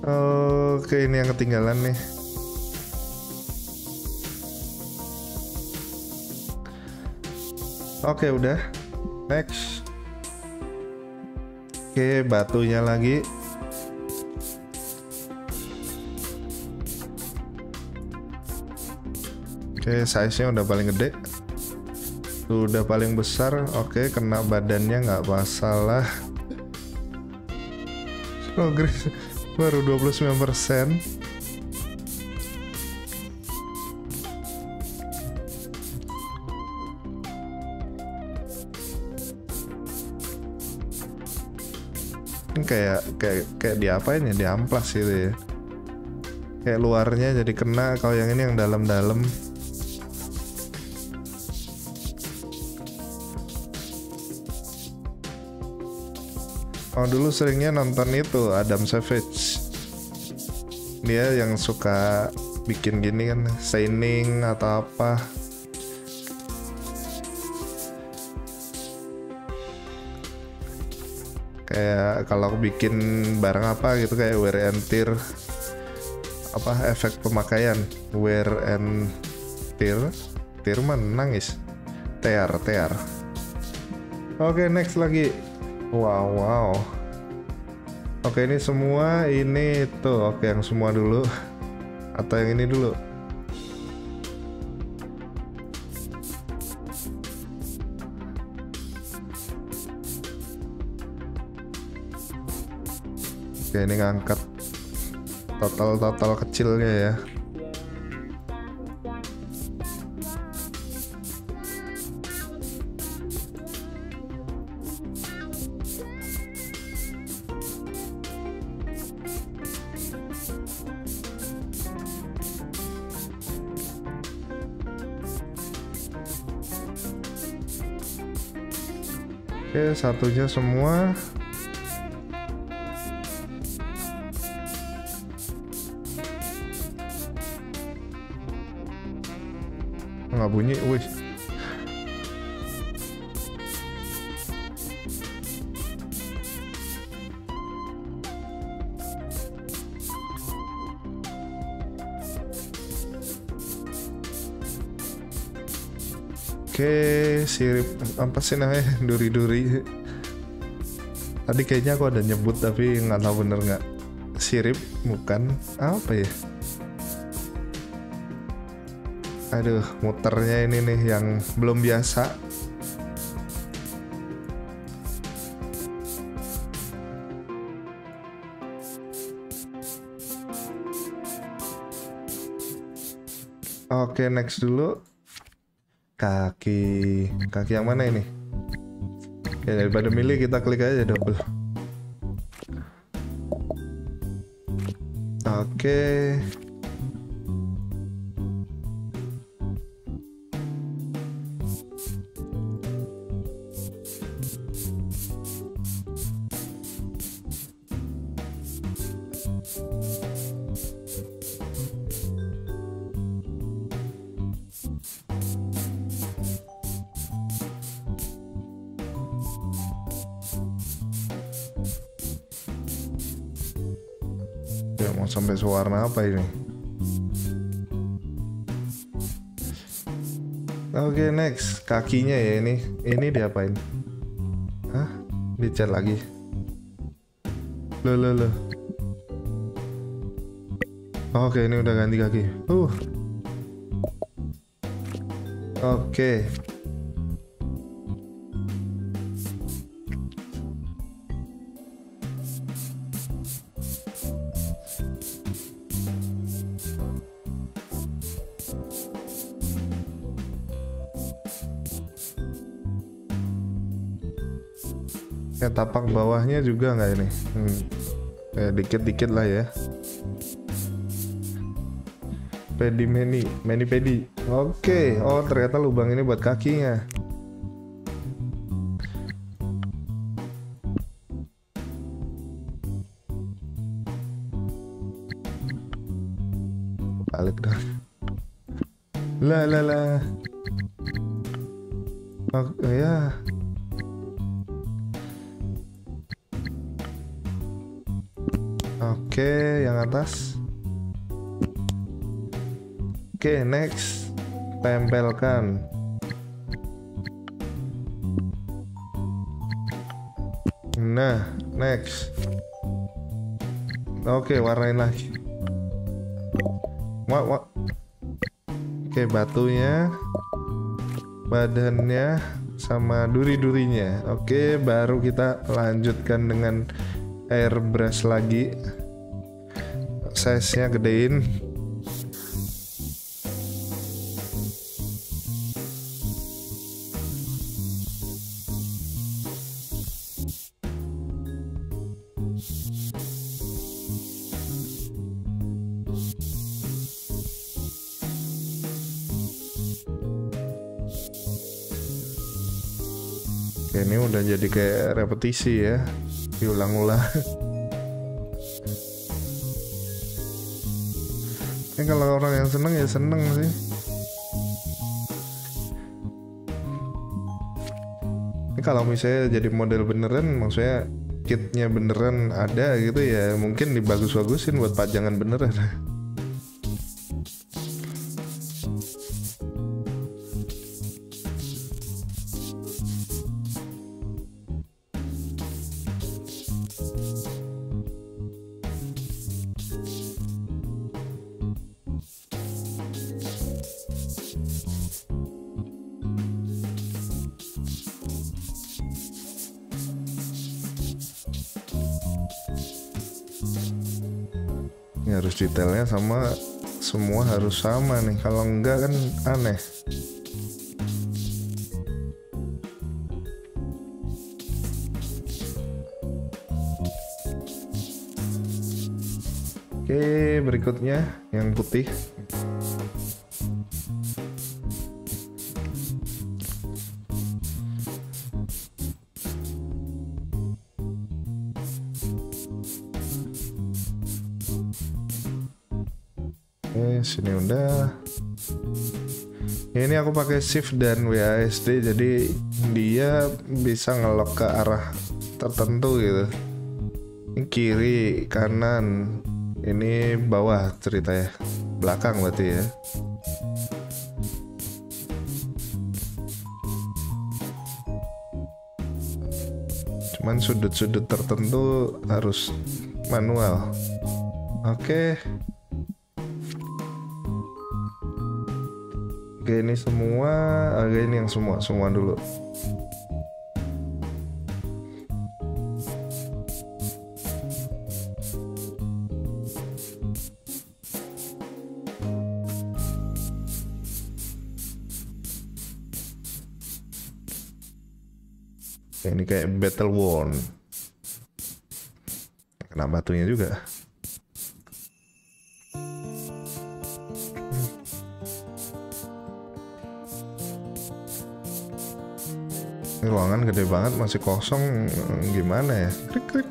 Oke oh, ini yang ketinggalan nih Oke, udah. Next. Oke, batunya lagi. Oke, size-nya udah paling gede. Sudah paling besar. Oke, kena badannya nggak masalah. Progress baru 29%. kayak kayak kayak diapain ya diamplas gitu ya kayak luarnya jadi kena kalau yang ini yang dalam-dalam Oh dulu seringnya nonton itu Adam Savage dia yang suka bikin gini kan shining atau apa kayak kalau bikin barang apa gitu kayak wear and tear apa efek pemakaian wear and tear tear menangis tear tear oke okay, next lagi wow wow oke okay, ini semua ini tuh oke okay, yang semua dulu atau yang ini dulu Oke, ini ngangkat total-total kecilnya ya. Oke, satunya semua apa sih namanya duri-duri tadi kayaknya aku ada nyebut tapi nggak tahu bener nggak sirip bukan apa ya aduh muternya ini nih yang belum biasa Oke, okay, next dulu kaki kaki yang mana ini ya daripada milih kita klik aja double oke warna apa ini oke okay, next kakinya ya ini ini diapain hah dicat lagi lo lo lo oke okay, ini udah ganti kaki uh oke okay. tapak bawahnya juga nggak ini hmm. ya dikit-dikit lah ya pedi meni meni pedi oke okay. oh ternyata lubang ini buat kakinya balik dong lah lah lah oh, ya Oke, yang atas. Oke, next. Tempelkan. Nah, next. Oke, warnain lagi. Wah, wah. Oke, batunya. Badannya sama duri-durinya. Oke, baru kita lanjutkan dengan airbrush lagi size-nya gedein Oke, ini udah jadi kayak repetisi ya diulang-ulang seneng ya seneng sih ini kalau misalnya jadi model beneran maksudnya kitnya beneran ada gitu ya mungkin dibagus-bagusin buat pajangan beneran sama semua harus sama nih kalau enggak kan aneh oke berikutnya yang putih agresif dan WASD jadi dia bisa ngelok ke arah tertentu gitu kiri kanan ini bawah cerita ya belakang berarti ya cuman sudut-sudut tertentu harus manual oke okay. harga ini semua harga ini yang semua semua dulu ini kayak battle worn kena batunya juga ruangan gede banget masih kosong eh, gimana ya klik klik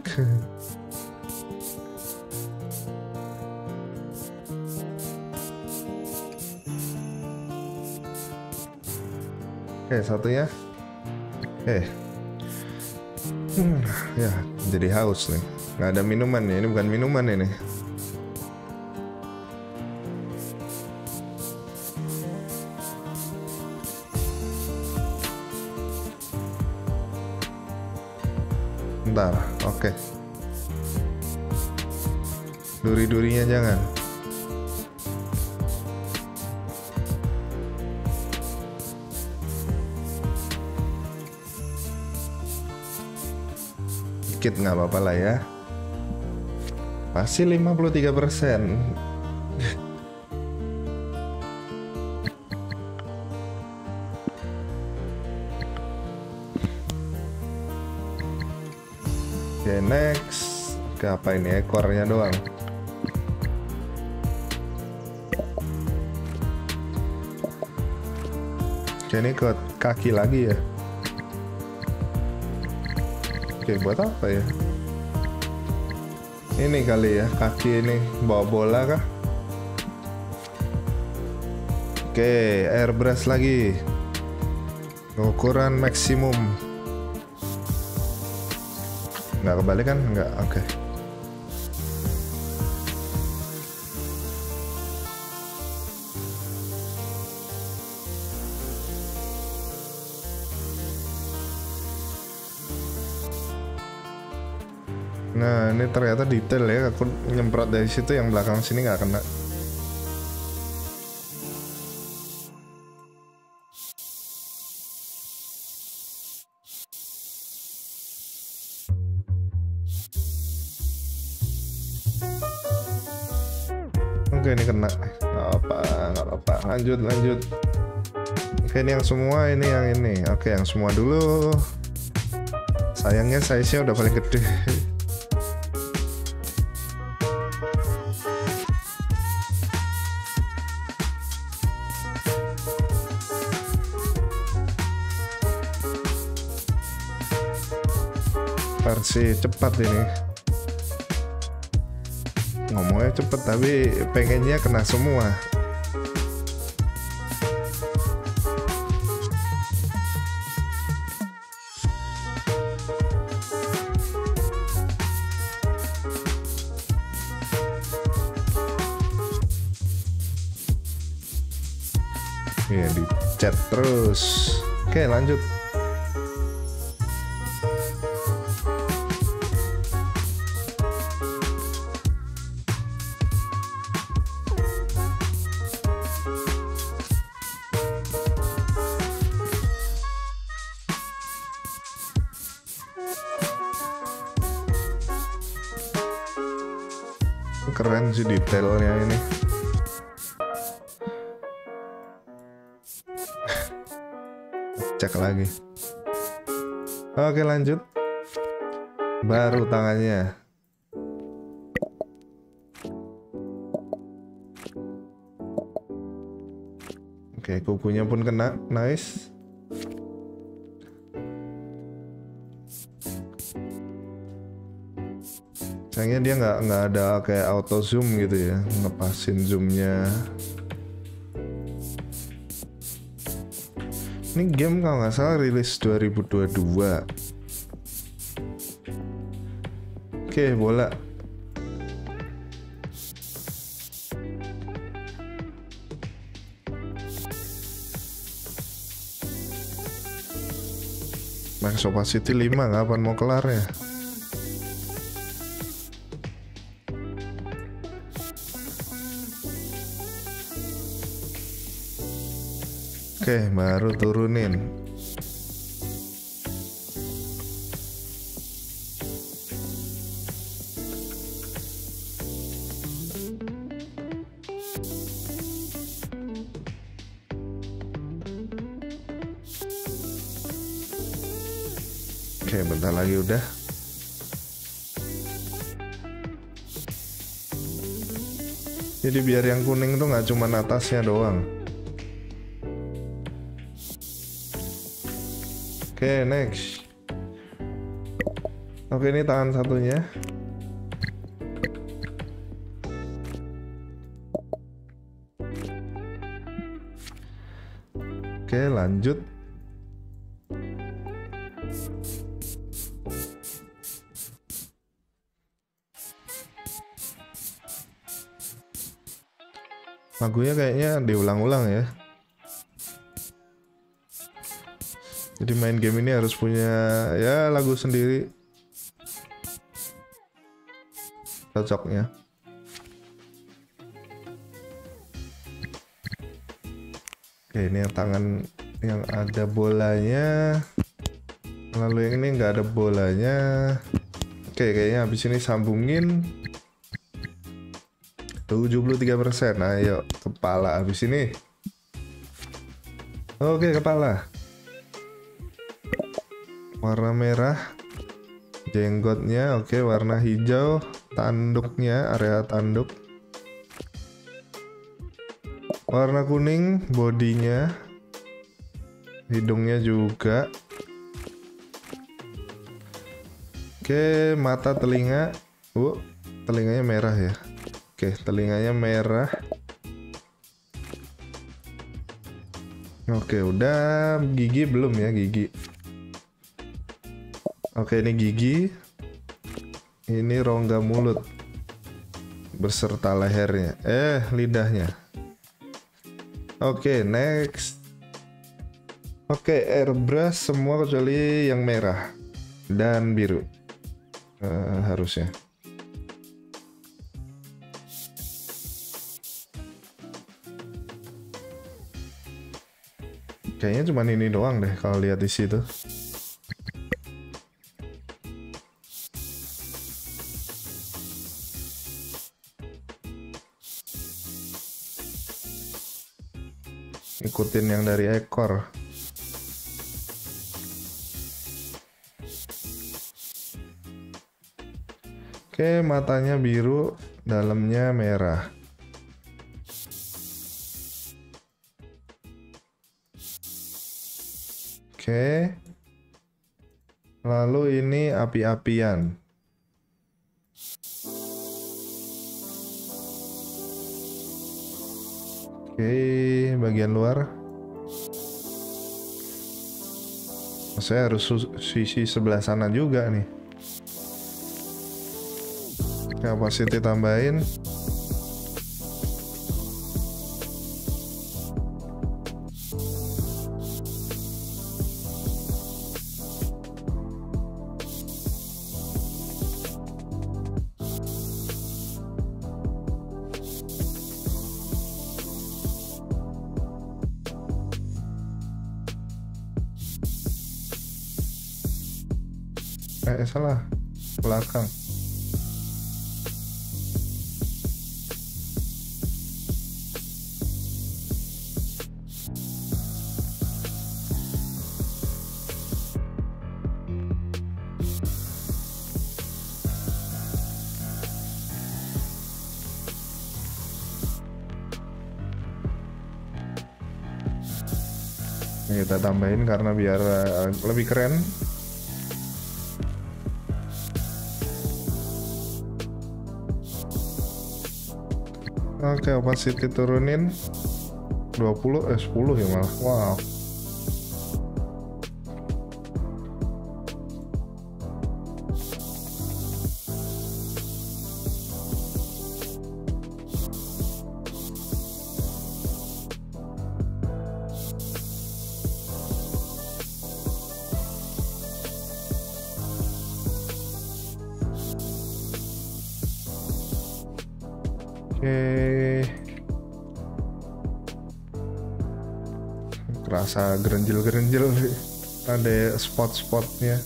oke satunya eh hmm, ya jadi haus nih nggak ada minuman ya ini bukan minuman ini nggak apa-apa lah ya masih 53 persen Oke next Ke apa ini ekornya doang Oke ini ke kaki lagi ya buat apa ya ini kali ya kaki ini bawa bola kah oke airbrush lagi ukuran maksimum nggak kebalik kan nggak oke okay. detail ya aku nyemprot dari situ yang belakang sini nggak kena Oke ini kena nggak apa nggak apa lanjut lanjut Oke ini yang semua ini yang ini Oke yang semua dulu Sayangnya saya sih udah paling gede sih cepat ini ngomongnya cepet tapi pengennya kena semua ya di chat terus oke lanjut suaranya Oke, okay, kukunya pun kena. Nice. Sayangnya dia nggak nggak ada kayak auto zoom gitu ya, ngepasin zoomnya. Ini game kalau nggak salah rilis 2022. Oke, bola. Max opacity 5 kapan mau kelar ya? Oke, baru turunin. udah jadi biar yang kuning tuh nggak cuma atasnya doang oke okay, next oke okay, ini tangan satunya oke okay, lanjut Lagunya kayaknya diulang-ulang ya. Jadi main game ini harus punya ya lagu sendiri. Cocoknya. Oke, ini yang tangan yang ada bolanya. Lalu yang ini nggak ada bolanya. Oke, kayaknya habis ini sambungin. 73% ayo nah, kepala habis ini oke kepala warna merah jenggotnya oke warna hijau tanduknya area tanduk warna kuning bodinya hidungnya juga oke mata telinga uh telinganya merah ya Oke, telinganya merah. Oke, udah gigi belum ya gigi. Oke, ini gigi. Ini rongga mulut Berserta lehernya. Eh, lidahnya. Oke, next. Oke, airbrush semua kecuali yang merah dan biru. Uh, harusnya. Kayaknya cuma ini doang deh kalau lihat di situ. Ikutin yang dari ekor. Oke, matanya biru, dalamnya merah. Oke. Lalu ini api-apian. Oke, bagian luar. Saya harus sisi sebelah sana juga nih. Kapasiti tambahin. tambahin karena biar eh, lebih keren oke okay, opacity turunin 20 eh 10 ya malah wow spot-spotnya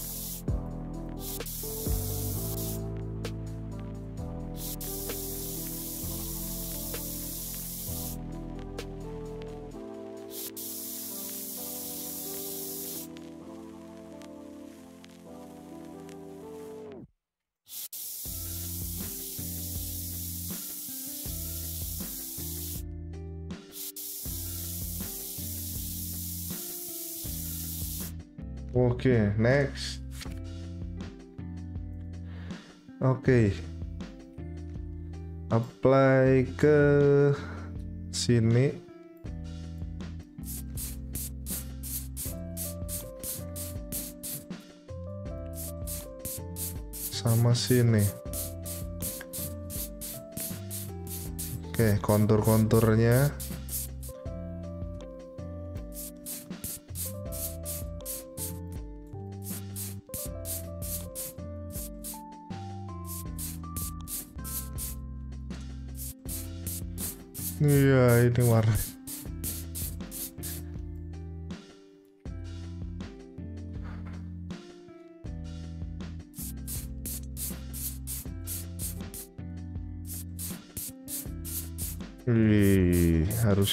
next oke okay. apply ke sini sama sini oke okay, kontur-konturnya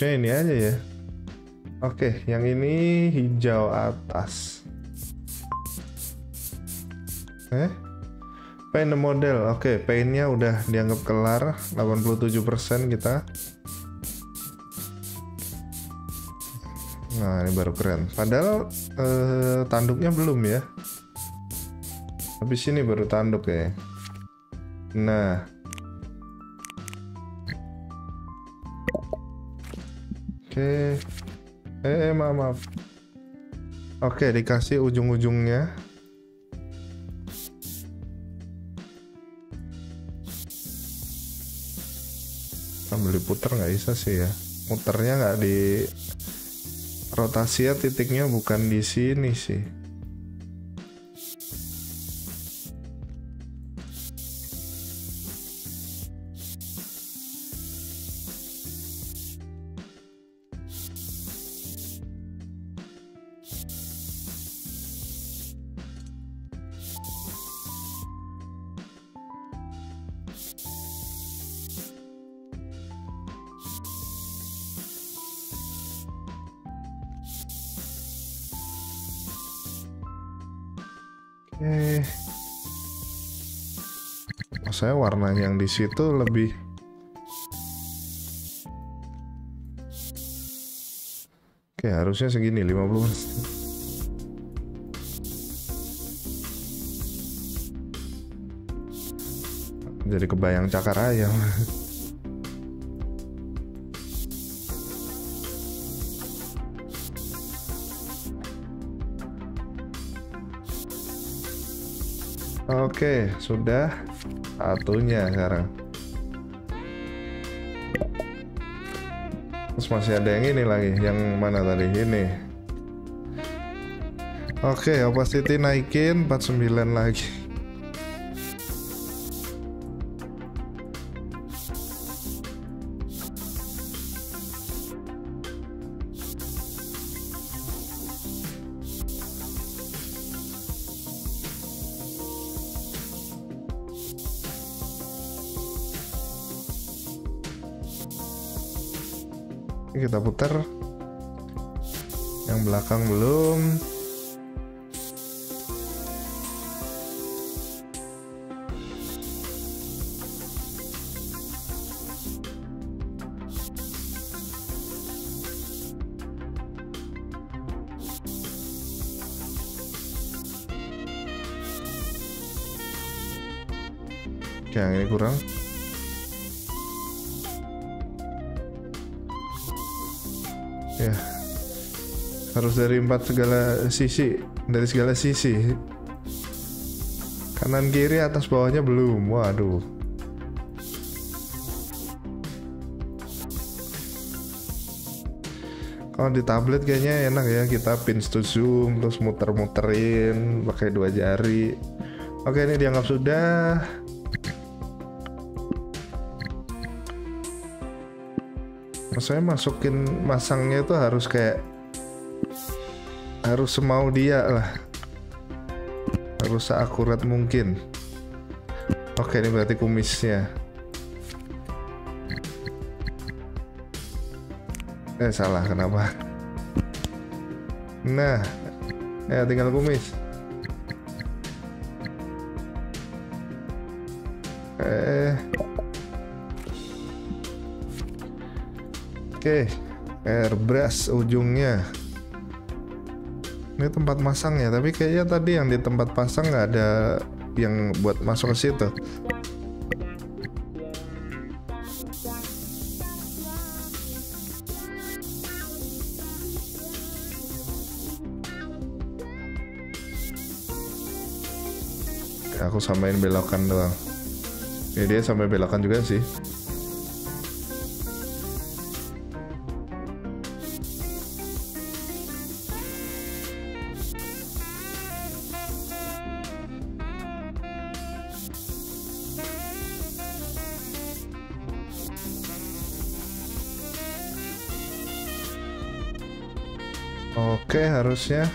harusnya ini aja ya oke yang ini hijau atas eh paint model oke paintnya udah dianggap kelar 87% kita Nah, ini baru keren. Padahal eh, tanduknya belum ya. Habis ini baru tanduk ya. Nah, Oke. Okay. Eh, eh, maaf, maaf. Oke, okay, dikasih ujung-ujungnya. Ambil diputer nggak bisa sih ya. Muternya nggak di rotasi ya titiknya bukan di sini sih. di situ lebih Oke, harusnya segini 50 puluh Jadi kebayang cakar ayam. Oke, sudah satunya sekarang terus masih ada yang ini lagi yang mana tadi ini oke okay, opacity naikin 49 lagi dari empat segala sisi dari segala sisi kanan kiri atas bawahnya belum waduh kalau di tablet kayaknya enak ya kita pin to zoom terus muter-muterin pakai dua jari oke ini dianggap sudah saya masukin masangnya itu harus kayak harus semau dia lah harus seakurat mungkin oke ini berarti kumisnya eh salah kenapa nah ya tinggal kumis eh oke airbrush ujungnya ini tempat masang ya tapi kayaknya tadi yang di tempat pasang nggak ada yang buat masuk ke situ aku samain belokan doang ya dia sampai belokan juga sih harusnya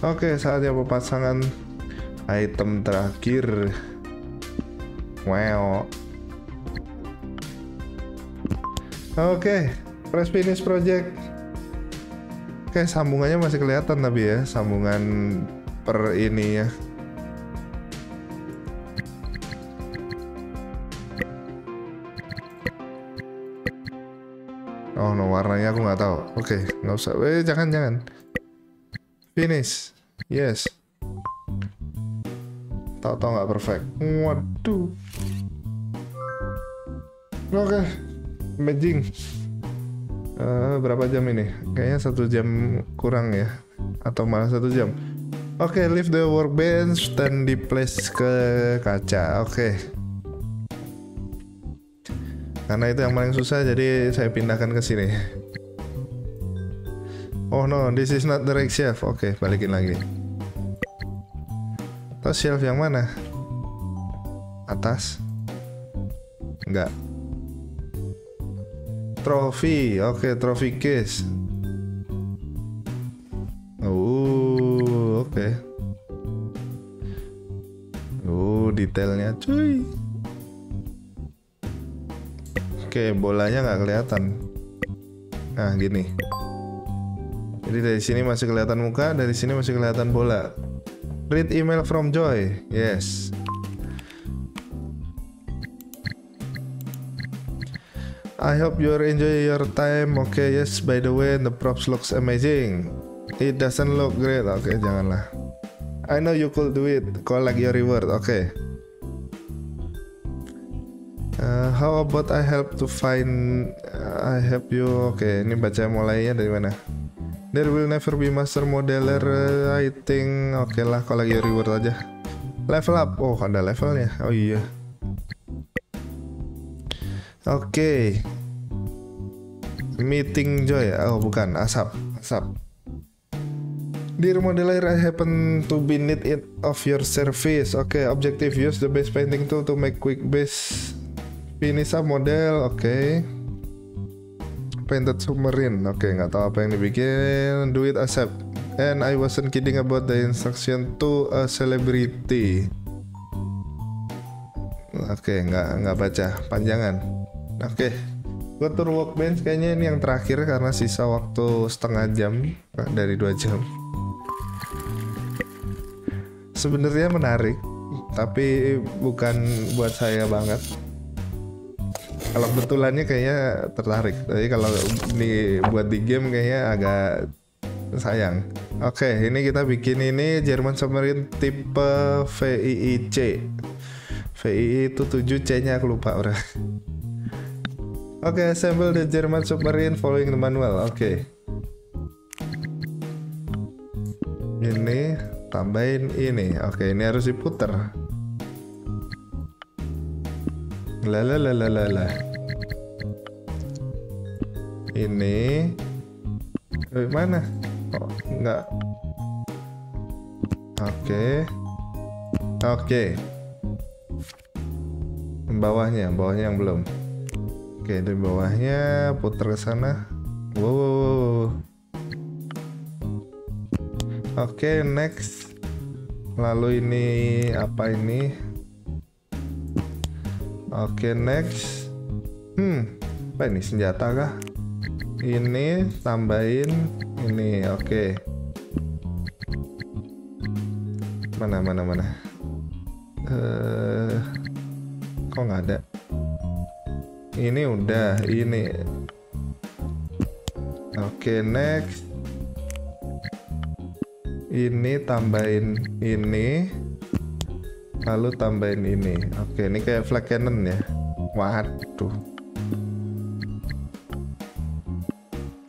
Oke saatnya pemasangan item terakhir Wow Oke press finish project Oke sambungannya masih kelihatan tapi ya sambungan per ini ya nggak usah eh jangan jangan finish yes tau tau nggak perfect waduh oke okay. Beijing uh, eh, berapa jam ini kayaknya satu jam kurang ya atau malah satu jam oke okay, leave the workbench dan di place ke kaca oke okay karena itu yang paling susah jadi saya pindahkan ke sini Oh no, this is not the right shelf. Oke, okay, balikin lagi. Terus shelf yang mana? Atas? Enggak. Trofi. Oke, okay, trofi case. Oh, oke. Okay. Oh, detailnya cuy. Oke, bolanya nggak kelihatan. Nah, gini. Jadi dari sini masih kelihatan muka, dari sini masih kelihatan bola. Read email from Joy. Yes. I hope you're enjoy your time. Oke, okay, yes. By the way, the props looks amazing. It doesn't look great. Oke, okay, janganlah. I know you could do it. Collect your reward. Oke. Okay. Uh, how about I help to find uh, I help you. Oke, okay, ini baca mulainya dari mana? There will never be master modeler I think Oke okay lah kalau lagi reward aja Level up Oh ada levelnya Oh iya Oke okay. Meeting Joy Oh bukan Asap Asap Dear modeler, I happen to be need it of your service. Oke, okay, objective use the base painting tool to make quick base finish up model. Oke. Okay painted submarine. Oke, okay, nggak tahu apa yang dibikin. Do it accept. And I wasn't kidding about the instruction to a celebrity. Oke, okay, nggak nggak baca panjangan. Oke, okay. gue tur workbench kayaknya ini yang terakhir karena sisa waktu setengah jam dari dua jam. Sebenarnya menarik, tapi bukan buat saya banget kalau betulannya kayaknya tertarik tapi kalau buat di game kayaknya agak sayang oke okay, ini kita bikin ini Jerman Submarine tipe VIIC VII itu 7 C nya aku lupa oke okay, assemble the German Submarine following the manual oke okay. ini tambahin ini oke okay, ini harus diputer lalalalalala Ini dari mana? Oh, enggak. Oke. Oke. Bawahnya, bawahnya yang belum. Oke, dari bawahnya putar ke sana. Wow. Oke, next. Lalu ini apa ini? Oke, okay, next. Hmm, apa ini senjata kah? Ini tambahin ini. Oke. Okay. Mana mana mana. Eh, uh, kok nggak ada? Ini udah, ini. Oke, okay, next. Ini tambahin ini lalu ah, tambahin ini oke ini kayak flag cannon ya waduh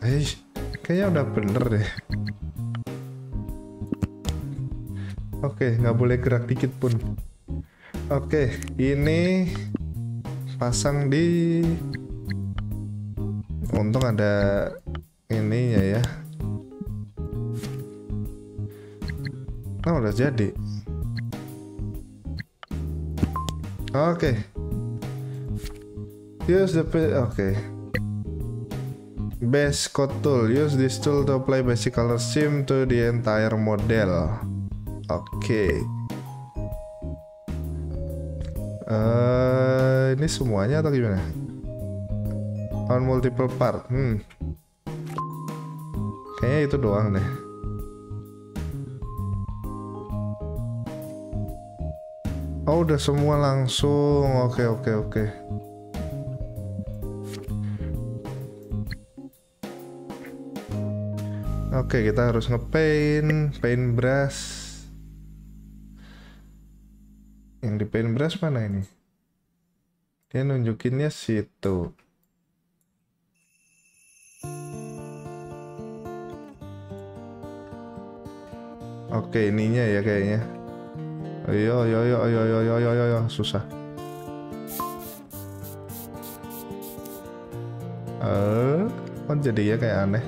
Eish, kayaknya udah bener deh oke nggak boleh gerak dikit pun oke ini pasang di untung ada ininya ya nah udah jadi Oke. Okay. Use the oke. Okay. Base code tool. Use this tool to apply basic color scheme to the entire model. Oke. Okay. Uh, eh, ini semuanya atau gimana? On multiple part. Hmm. Kayaknya itu doang deh. Oh udah semua langsung. Oke okay, oke okay, oke. Okay. Oke okay, kita harus ngepaint, paint brush. Yang di paint brush mana ini? Dia nunjukinnya situ. Oke okay, ininya ya kayaknya. Ayo, ayo, ayo, ayo, ayo, ayo, ayo, ayo, ayo. susah. Eh, kok jadi ya kayak aneh.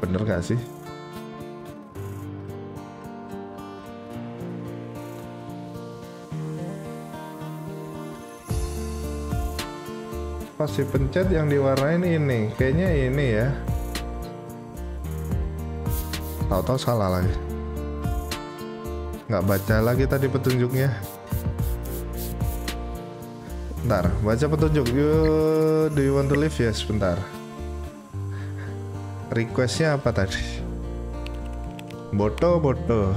Bener gak sih? si pencet yang diwarnain ini kayaknya ini ya tahu-tahu salah lagi ya. nggak baca lagi tadi petunjuknya bentar baca petunjuk you do you want to leave yes bentar requestnya apa tadi boto boto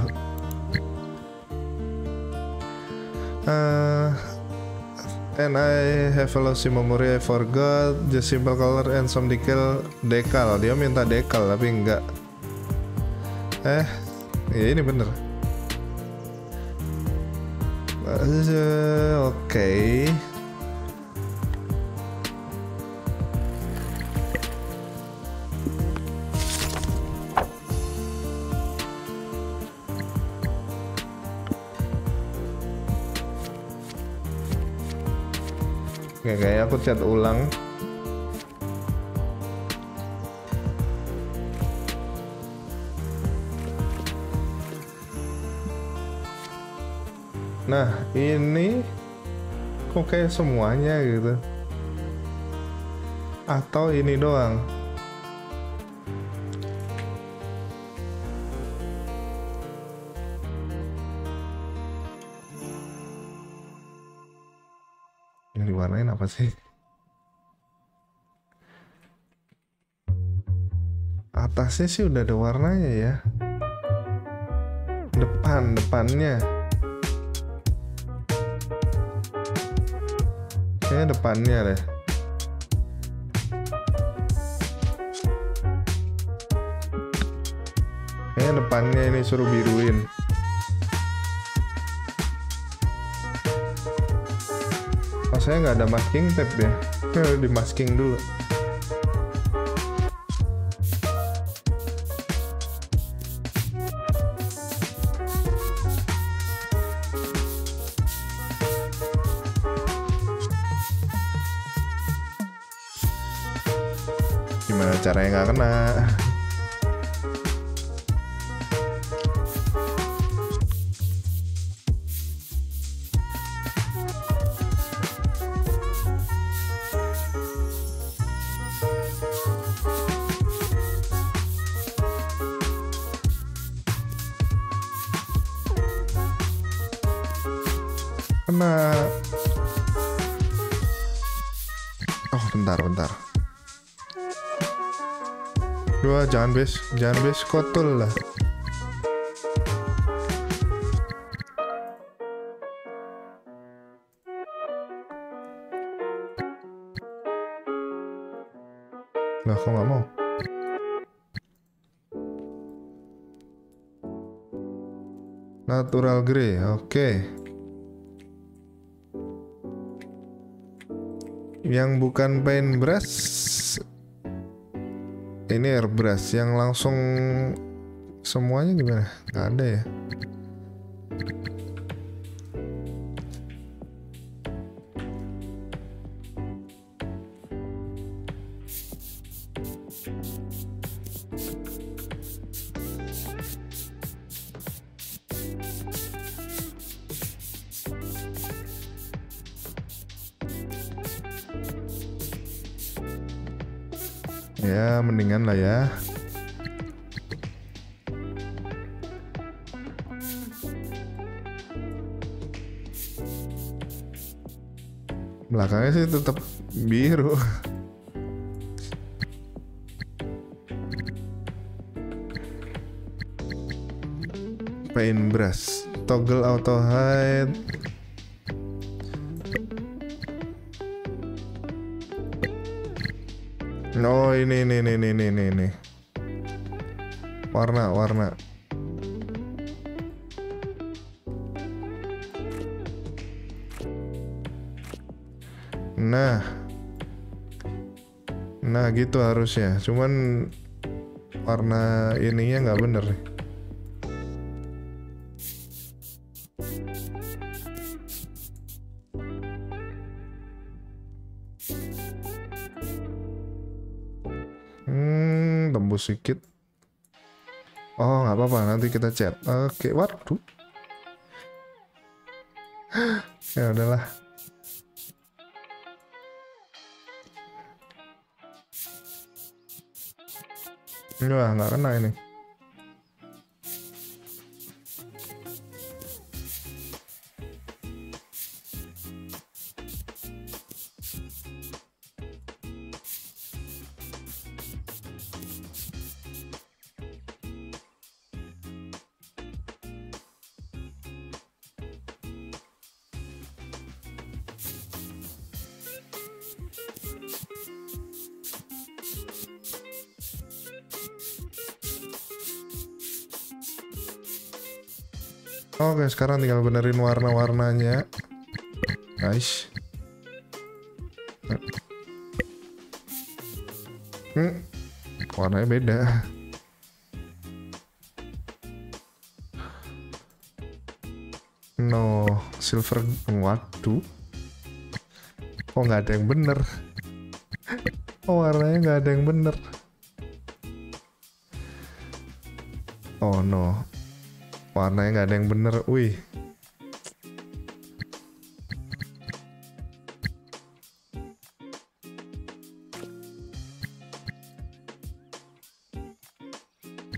uh, eh, and I have a lossy memory I forgot just simple color and some decal decal dia minta decal tapi enggak eh ya ini bener eh, oke okay. kayaknya aku cat ulang Nah ini kok kayak semuanya gitu Atau ini doang sih atasnya sih udah ada warnanya ya depan depannya kayaknya depannya deh kayaknya depannya ini suruh biruin saya nggak ada masking tape ya di masking dulu jangan bes kotul lah lah kok nggak mau natural grey oke okay. yang bukan paintbrush ini airbrush yang langsung semuanya gimana? Gak ada ya? paintbrush brush toggle auto hide Oh ini ini ini ini ini ini warna warna nah nah gitu harusnya cuman warna ininya nggak bener nih sedikit oh nggak apa-apa nanti kita chat oke okay, waduh ya udahlah Wah, nggak kena ini. sekarang tinggal benerin warna-warnanya. Nice. Hmm. Warnanya beda. No, silver. Waduh. Kok nggak ada yang bener? Oh, warnanya nggak ada yang bener. Oh no, warnanya nggak ada yang bener wih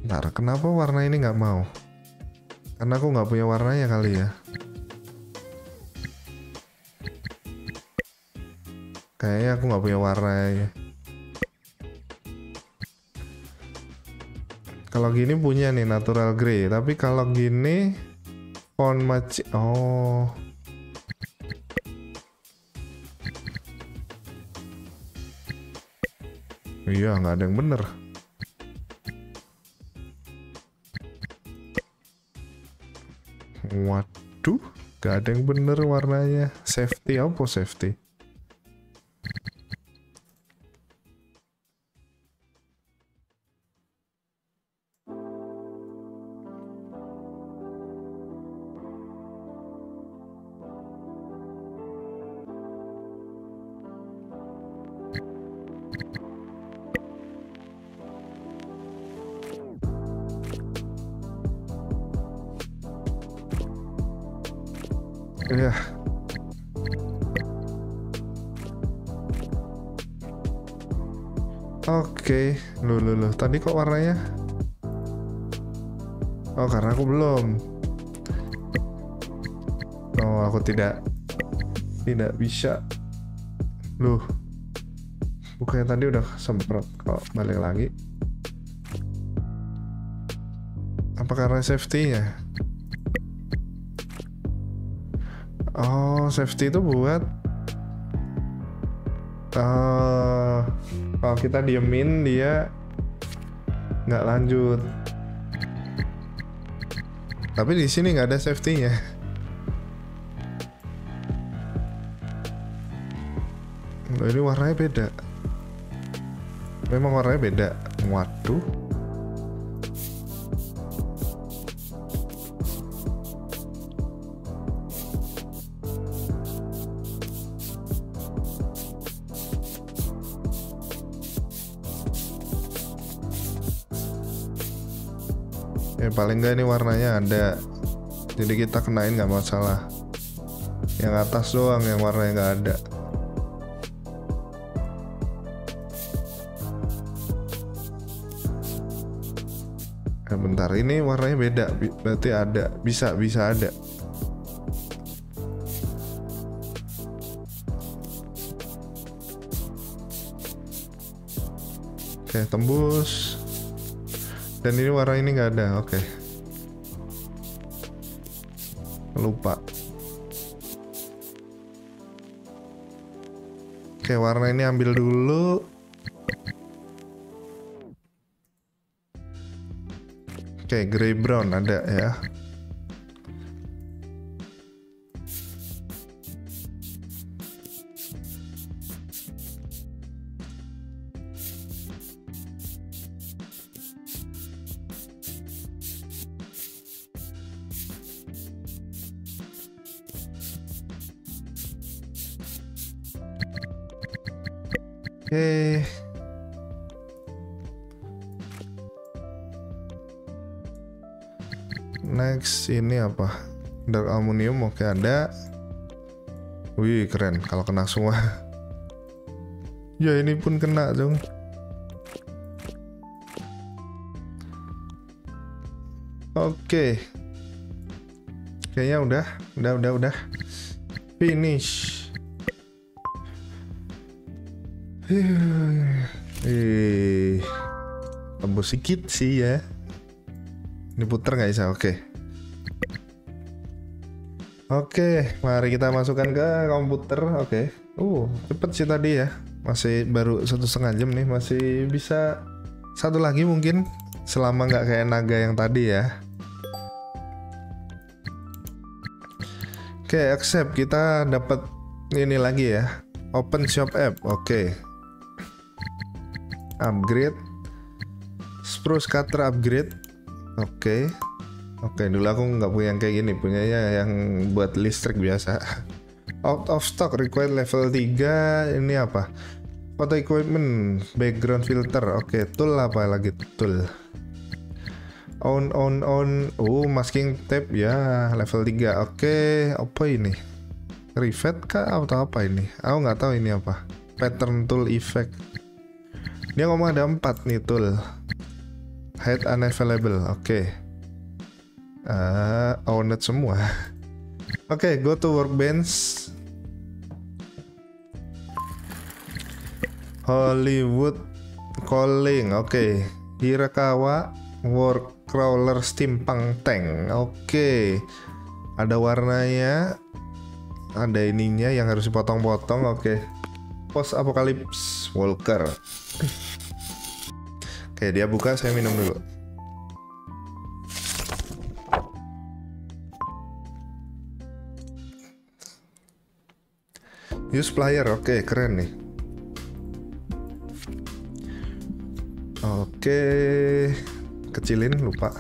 Ntar kenapa warna ini nggak mau? Karena aku nggak punya warnanya kali ya. Kayaknya aku nggak punya warnanya. Kalau gini punya nih natural grey, tapi kalau gini on match oh Iya, nggak ada yang bener. Waduh, nggak ada yang bener warnanya. Safety apa safety? warnanya? Oh karena aku belum. Oh aku tidak tidak bisa. Loh, bukannya tadi udah semprot kok balik lagi? Apa karena safety-nya? Oh, safety itu buat uh, kalau kita diemin dia nggak lanjut tapi di sini nggak ada safety-nya ini warnanya beda memang warnanya beda waduh paling enggak ini warnanya ada jadi kita kenain nggak masalah yang atas doang yang warnanya enggak ada nah, bentar ini warnanya beda berarti ada bisa bisa ada oke tembus dan ini warna ini nggak ada, oke. Okay. Lupa. Oke, okay, warna ini ambil dulu. Oke, okay, grey brown ada ya. Oke ada. Wih keren kalau kena semua. ya ini pun kena dong. Oke. Kayaknya udah, udah, udah, udah. Finish. Eh, tembus sedikit sih ya. Ini putar nggak bisa? Oke. Okay. Oke, mari kita masukkan ke komputer. Oke. Uh, cepet sih tadi ya. Masih baru satu setengah jam nih, masih bisa satu lagi mungkin selama nggak kayak naga yang tadi ya. Oke, accept. Kita dapat ini lagi ya. Open shop app. Oke. Upgrade. Spruce cutter upgrade. Oke. Okay. Oke, dulu aku nggak punya yang kayak gini, punyanya yang buat listrik biasa. Out of stock, required level 3, ini apa? Foto equipment, background filter, oke, tool apa lagi? Tool. On, on, on, oh, masking tape, ya, level 3, oke, apa ini? Rivet kah atau apa ini? Aku nggak tahu ini apa. Pattern tool effect. Dia ngomong ada empat nih tool. Head unavailable, oke. Okay uh, eh, owned semua oke okay, go to workbench Hollywood Calling oke okay. Hirakawa work Crawler Steampunk Tank oke okay. ada warnanya ada ininya yang harus dipotong-potong oke okay. post apocalypse Walker oke okay, dia buka saya minum dulu Use player, oke okay, keren nih. Oke, okay. kecilin lupa.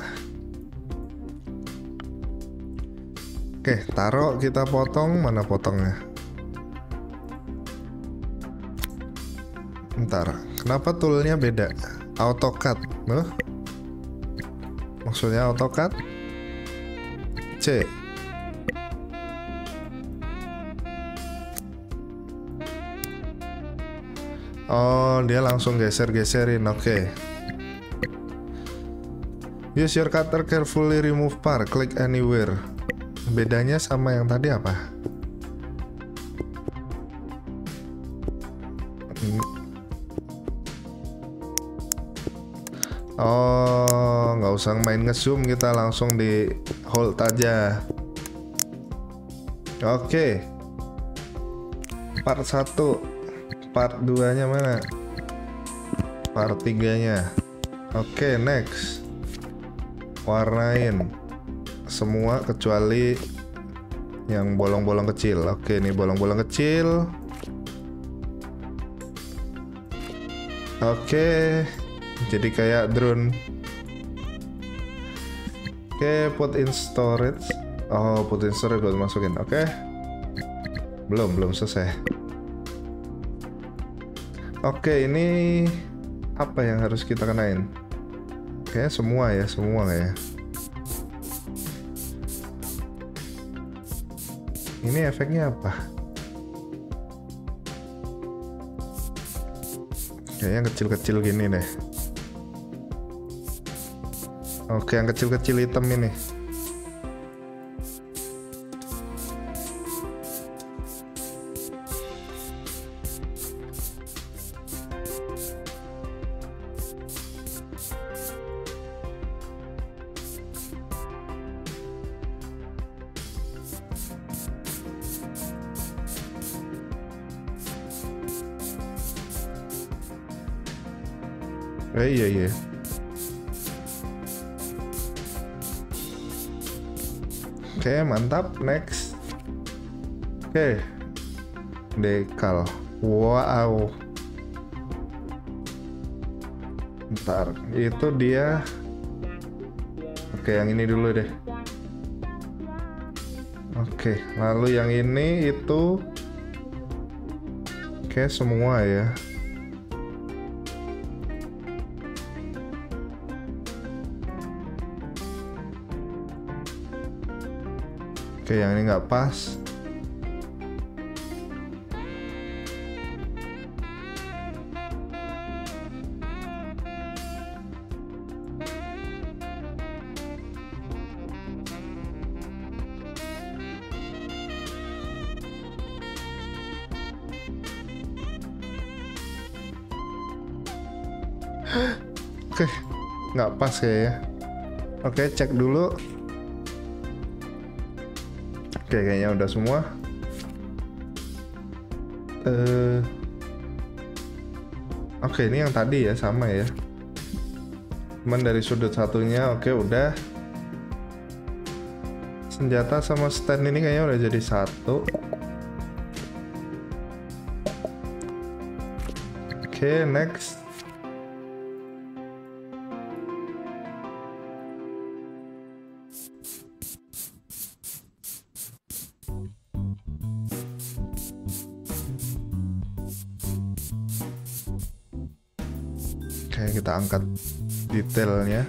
Oke, okay, taruh kita potong mana potongnya. Ntar, kenapa toolnya beda? Autocut, huh? maksudnya autocut? C, Oh, dia langsung geser-geserin. Oke. Okay. Use your cutter carefully remove part. Click anywhere. Bedanya sama yang tadi apa? Oh, nggak usah main ngezoom, kita langsung di hold aja. Oke. Okay. Part 1 part 2 nya mana part 3 nya oke okay, next warnain semua kecuali yang bolong-bolong kecil oke okay, ini bolong-bolong kecil oke okay, jadi kayak drone oke okay, put in storage oh put in storage buat masukin oke okay. belum belum selesai Oke, ini apa yang harus kita kenain? Kayaknya semua ya, semua ya. Ini efeknya apa? Kayaknya yang kecil-kecil gini deh. Oke, yang kecil-kecil hitam ini. itu dia oke yang ini dulu deh oke lalu yang ini itu oke semua ya oke yang ini nggak pas Oke, nggak pas ya Oke, cek dulu. Oke, kayaknya udah semua. Uh, oke, ini yang tadi ya, sama ya. Cuman dari sudut satunya, oke udah. Senjata sama stand ini kayaknya udah jadi satu. Oke, next. angkat detailnya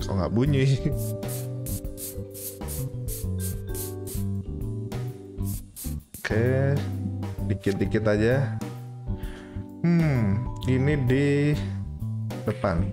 kok nggak bunyi oke dikit-dikit aja hmm ini di depan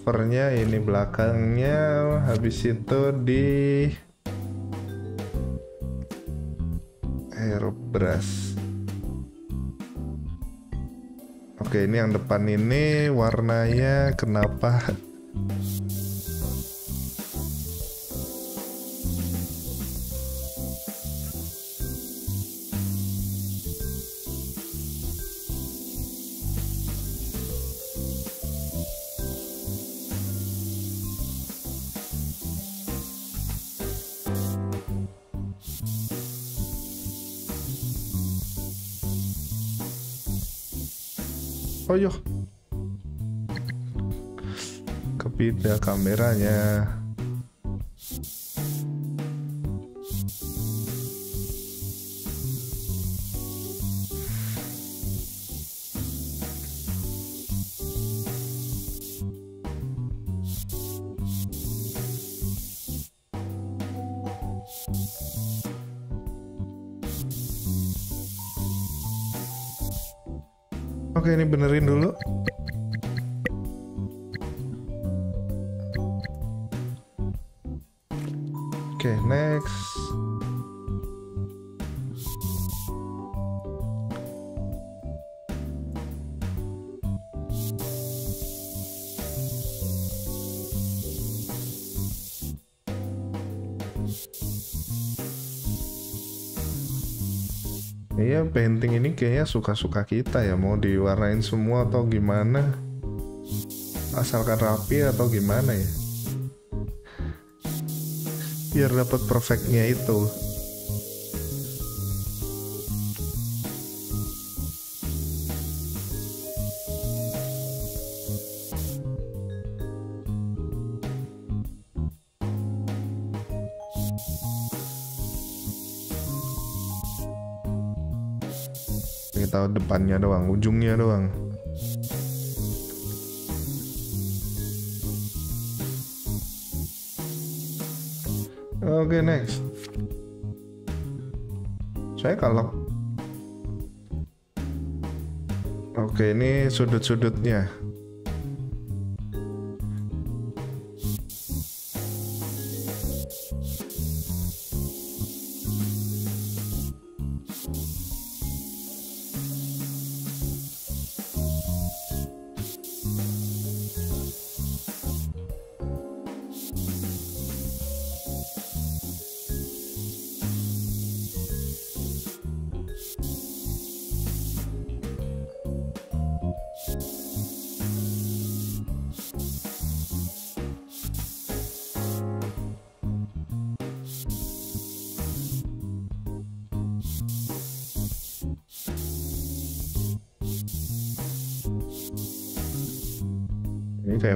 covernya ini belakangnya habis itu di airbrush oke ini yang depan ini warnanya kenapa kameranya kayaknya suka-suka kita ya mau diwarnain semua atau gimana asalkan rapi atau gimana ya biar dapat perfectnya itu depannya doang ujungnya doang oke okay, next saya kalau oke ini sudut-sudutnya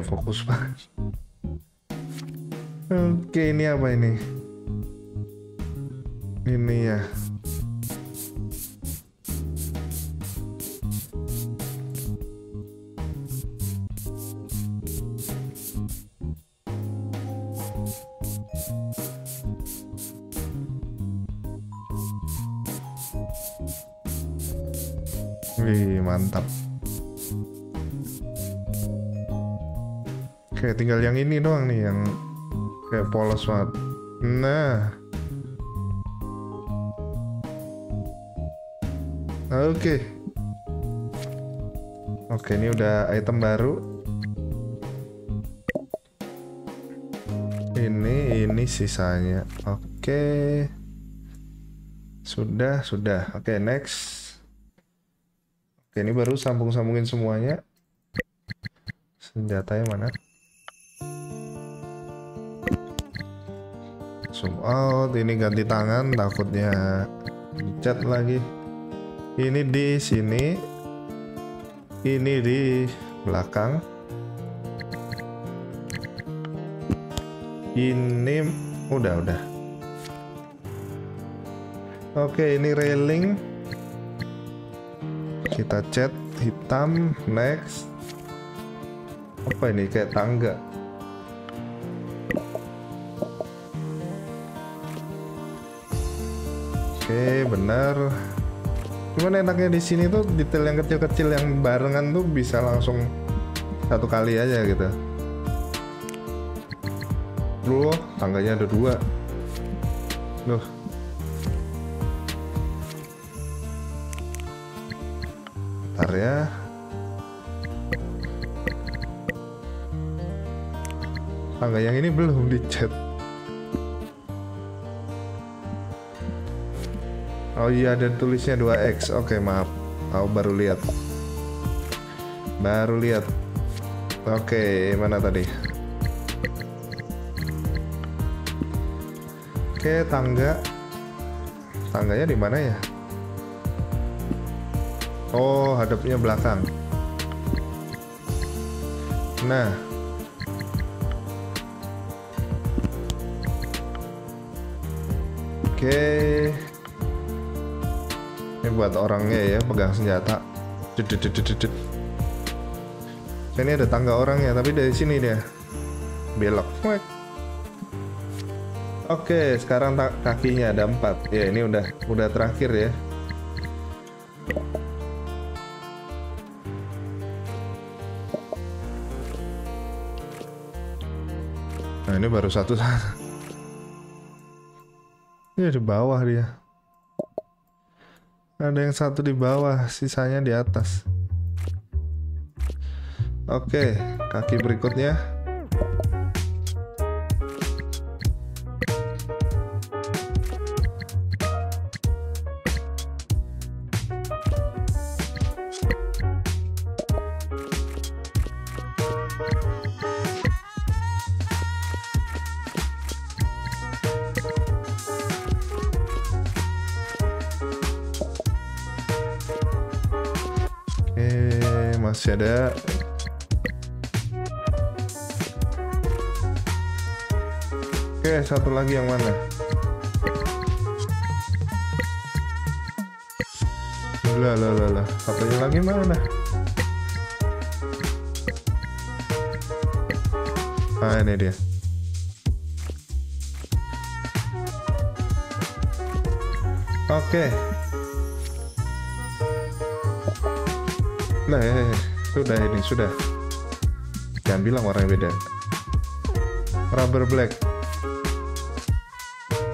fokus pak oke ini apa ini ini doang nih yang kayak polos banget nah oke okay. oke okay, ini udah item baru ini ini sisanya oke okay. sudah sudah oke okay, next oke okay, ini baru sambung sambungin semuanya senjatanya mana zoom out oh, ini ganti tangan takutnya dicat lagi ini di sini ini di belakang ini udah udah oke ini railing kita cat hitam next apa ini kayak tangga benar cuman enaknya di sini tuh detail yang kecil-kecil yang barengan tuh bisa langsung satu kali aja gitu loh tangganya ada dua loh bentar ya tangga yang ini belum dicat Oh iya ada tulisnya 2x. Oke, okay, maaf. Aku baru lihat. Baru lihat. Oke, okay, mana tadi? Oke, okay, tangga. Tangganya di mana ya? Oh, hadapnya belakang. Nah. Oke. Okay ini buat orangnya ya pegang senjata ini ada tangga orang ya tapi dari sini dia belok oke sekarang kakinya ada empat ya ini udah udah terakhir ya Nah ini baru satu sana. Ini di bawah dia. Ada yang satu di bawah, sisanya di atas. Oke, kaki berikutnya. satu lagi yang mana? Lah lah lah lah, satunya lagi mana? Ah ini dia. Oke. Okay. Nah, eh, eh, sudah ini sudah. Jangan bilang warnanya beda. Rubber black.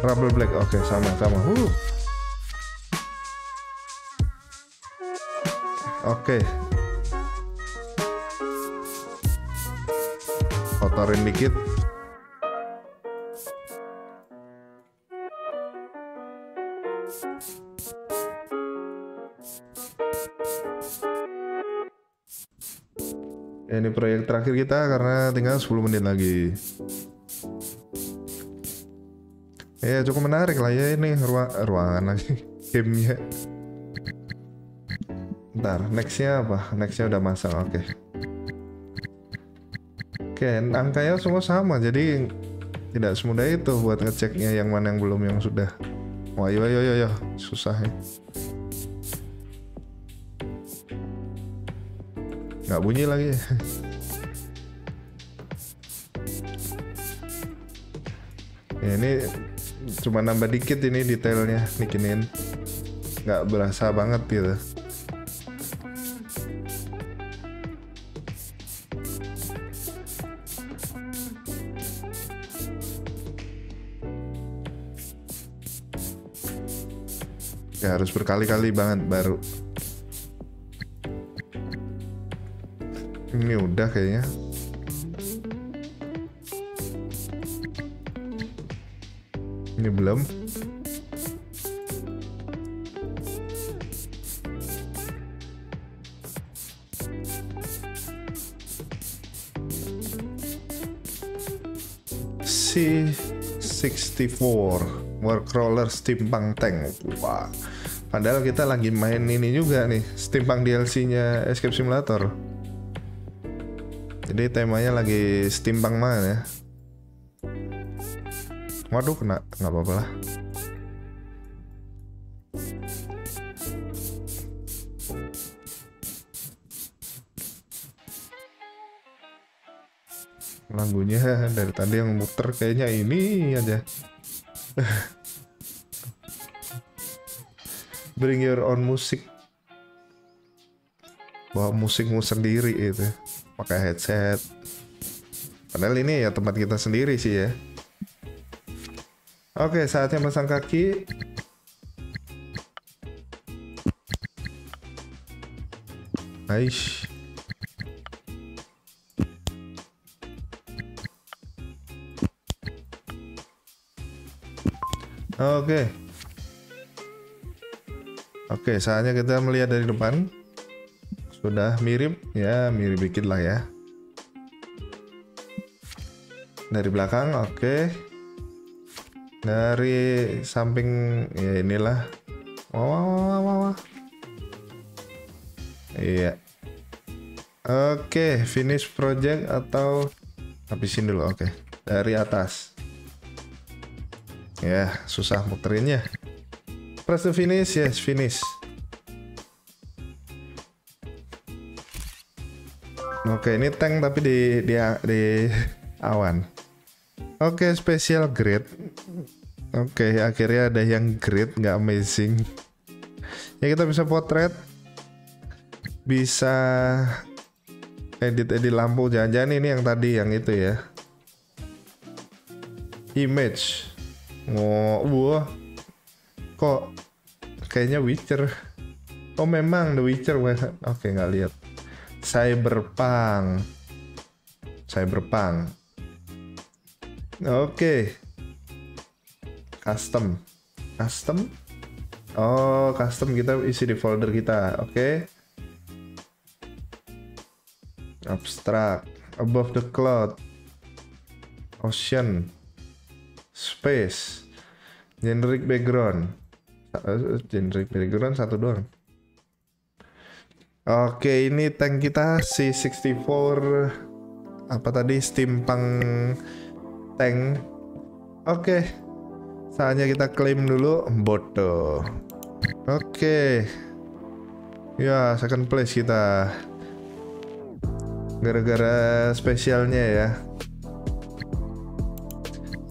Rubble Black. Oke, okay, sama sama. Uh. Oke. Okay. Kotorin dikit. ini proyek terakhir kita karena tinggal 10 menit lagi ya cukup menarik lah ya ini ruang ruangan lagi gamenya ntar nextnya apa nextnya udah masang oke okay. oke okay, angkanya semua sama jadi tidak semudah itu buat ngeceknya yang mana yang belum yang sudah wah oh, yo yo yo yo susah ya nggak bunyi lagi ya, ini cuma nambah dikit ini detailnya bikinin nggak berasa banget gitu ya harus berkali-kali banget baru ini udah kayaknya ini belum C64 Warcrawler Steampunk Tank Wah Padahal kita lagi main ini juga nih Steampunk DLC-nya Escape Simulator Jadi temanya lagi Steampunk mana ya Waduh kena nggak apa-apa lah. Lagunya dari tadi yang muter kayaknya ini aja. Bring your own musik. Bawa musikmu sendiri itu. Pakai headset. Padahal ini ya tempat kita sendiri sih ya. Oke, saatnya pasang kaki. Aish. Oke. Oke, saatnya kita melihat dari depan. Sudah mirip, ya mirip dikit lah ya. Dari belakang, oke dari samping ya inilah wah wah wah wah, wah. iya oke finish project atau habisin dulu oke dari atas ya susah muterinnya press the finish yes finish oke ini tank tapi di di di awan oke special grade Oke, okay, akhirnya ada yang great, nggak amazing. Ya kita bisa potret, bisa edit-edit lampu. jajan jangan ini yang tadi, yang itu ya. Image. Oh, wah. Kok kayaknya Witcher. Oh memang The Witcher. Oke, okay, nggak lihat. Cyberpunk. Cyberpunk. Oke custom custom oh custom kita isi di folder kita oke okay. abstract above the cloud ocean space generic background eh, eh, generic background satu doang oke okay, ini tank kita C64 apa tadi steampunk tank oke okay saatnya kita klaim dulu boto oke okay. ya second place kita gara-gara spesialnya ya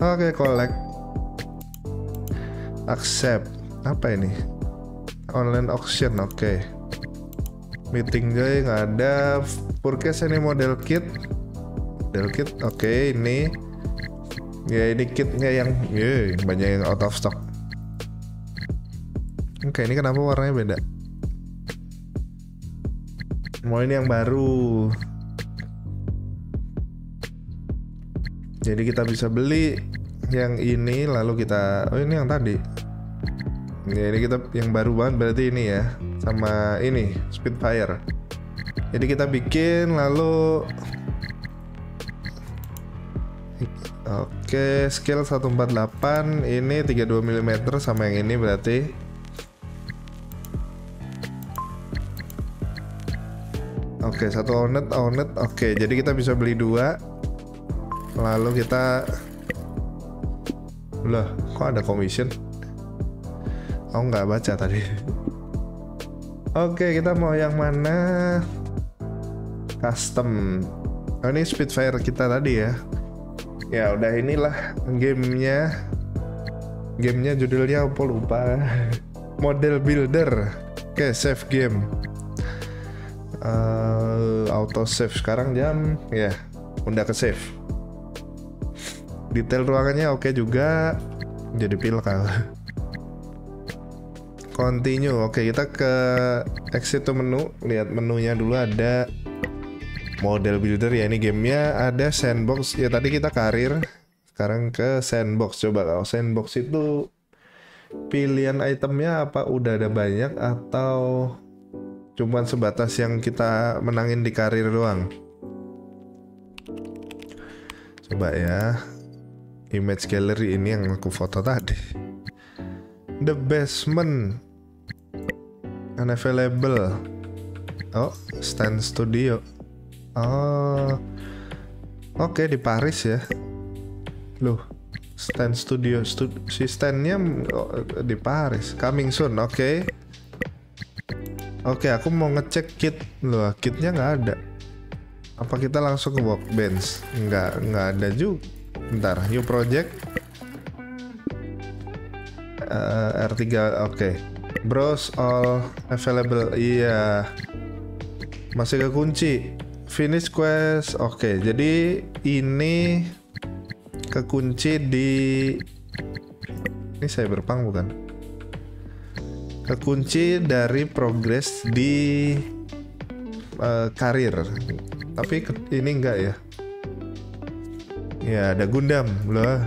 oke okay, collect accept apa ini online auction oke okay. meeting joy nggak ada Purchase ini model kit model kit oke okay, ini ya ini kitnya yang iya, banyak yang out of stock oke ini kenapa warnanya beda mau ini yang baru jadi kita bisa beli yang ini lalu kita oh ini yang tadi ya ini kita yang baru banget berarti ini ya sama ini Spitfire jadi kita bikin lalu Oke, skill 148 ini 32 mm sama yang ini berarti Oke, satu onet, onet. Oke, jadi kita bisa beli dua. Lalu kita Loh, kok ada commission? Oh, nggak baca tadi. Oke, kita mau yang mana? Custom. Oh, ini Spitfire kita tadi ya ya udah inilah gamenya gamenya judulnya apa lupa model builder oke save game uh, auto save sekarang jam ya yeah, udah ke save detail ruangannya oke okay juga jadi pil kalau continue oke okay, kita ke exit to menu lihat menunya dulu ada model builder ya ini gamenya ada sandbox ya tadi kita karir sekarang ke sandbox coba kalau sandbox itu pilihan itemnya apa udah ada banyak atau cuman sebatas yang kita menangin di karir doang coba ya image gallery ini yang aku foto tadi the basement unavailable oh stand studio Oh, oke okay, di Paris ya. Loh, stand Studio, stu si standnya oh, di Paris. Coming soon, oke. Okay. Oke, okay, aku mau ngecek kit. Loh, kitnya nggak ada. Apa kita langsung ke workbench? Nggak, nggak ada juga. Bentar, new project. Uh, eh, R3, oke. Okay. Browse all available. Iya. Yeah. Masih kekunci finish quest. Oke, okay, jadi ini kekunci di ini cyberpunk bukan? Kekunci dari progres di uh, karir. Tapi ini enggak ya? Ya ada Gundam loh.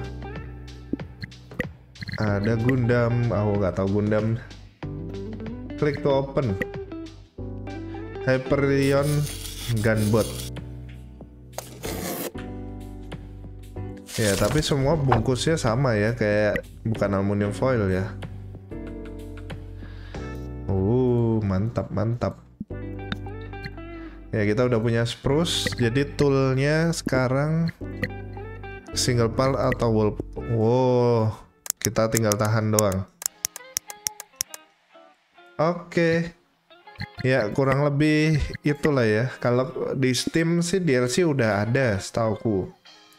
Ada Gundam, ah, aku nggak tahu Gundam. Klik to open. Hyperion Gunbot. Ya, tapi semua bungkusnya sama ya, kayak bukan aluminium foil ya. Uh, mantap, mantap. Ya, kita udah punya spruce, jadi toolnya sekarang single part atau wall. Wow, kita tinggal tahan doang. Oke. Okay. Ya kurang lebih itulah ya. Kalau di Steam sih DLC udah ada, setauku.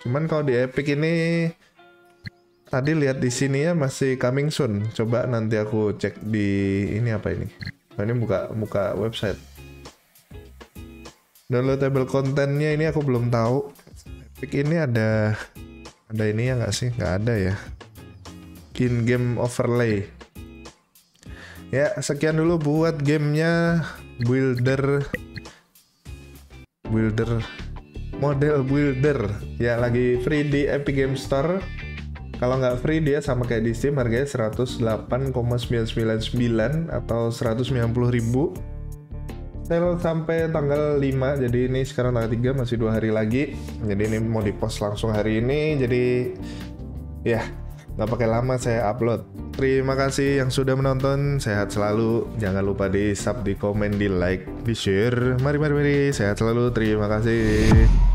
Cuman kalau di Epic ini tadi lihat di sini ya masih coming soon. Coba nanti aku cek di ini apa ini. Oh, ini buka buka website. Downloadable kontennya ini aku belum tahu. Epic ini ada ada ini ya nggak sih? Nggak ada ya. In game overlay. Ya, sekian dulu buat gamenya Builder Builder Model Builder Ya, lagi free di Epic Game Store kalau nggak free dia sama kayak di Steam harganya 108,999 atau 190 ribu sale sampai tanggal 5 jadi ini sekarang tanggal 3 masih dua hari lagi jadi ini mau di post langsung hari ini jadi ya Gak pakai lama saya upload. Terima kasih yang sudah menonton, sehat selalu. Jangan lupa di sub, di komen, di like, di share. Mari, mari, mari, sehat selalu. Terima kasih.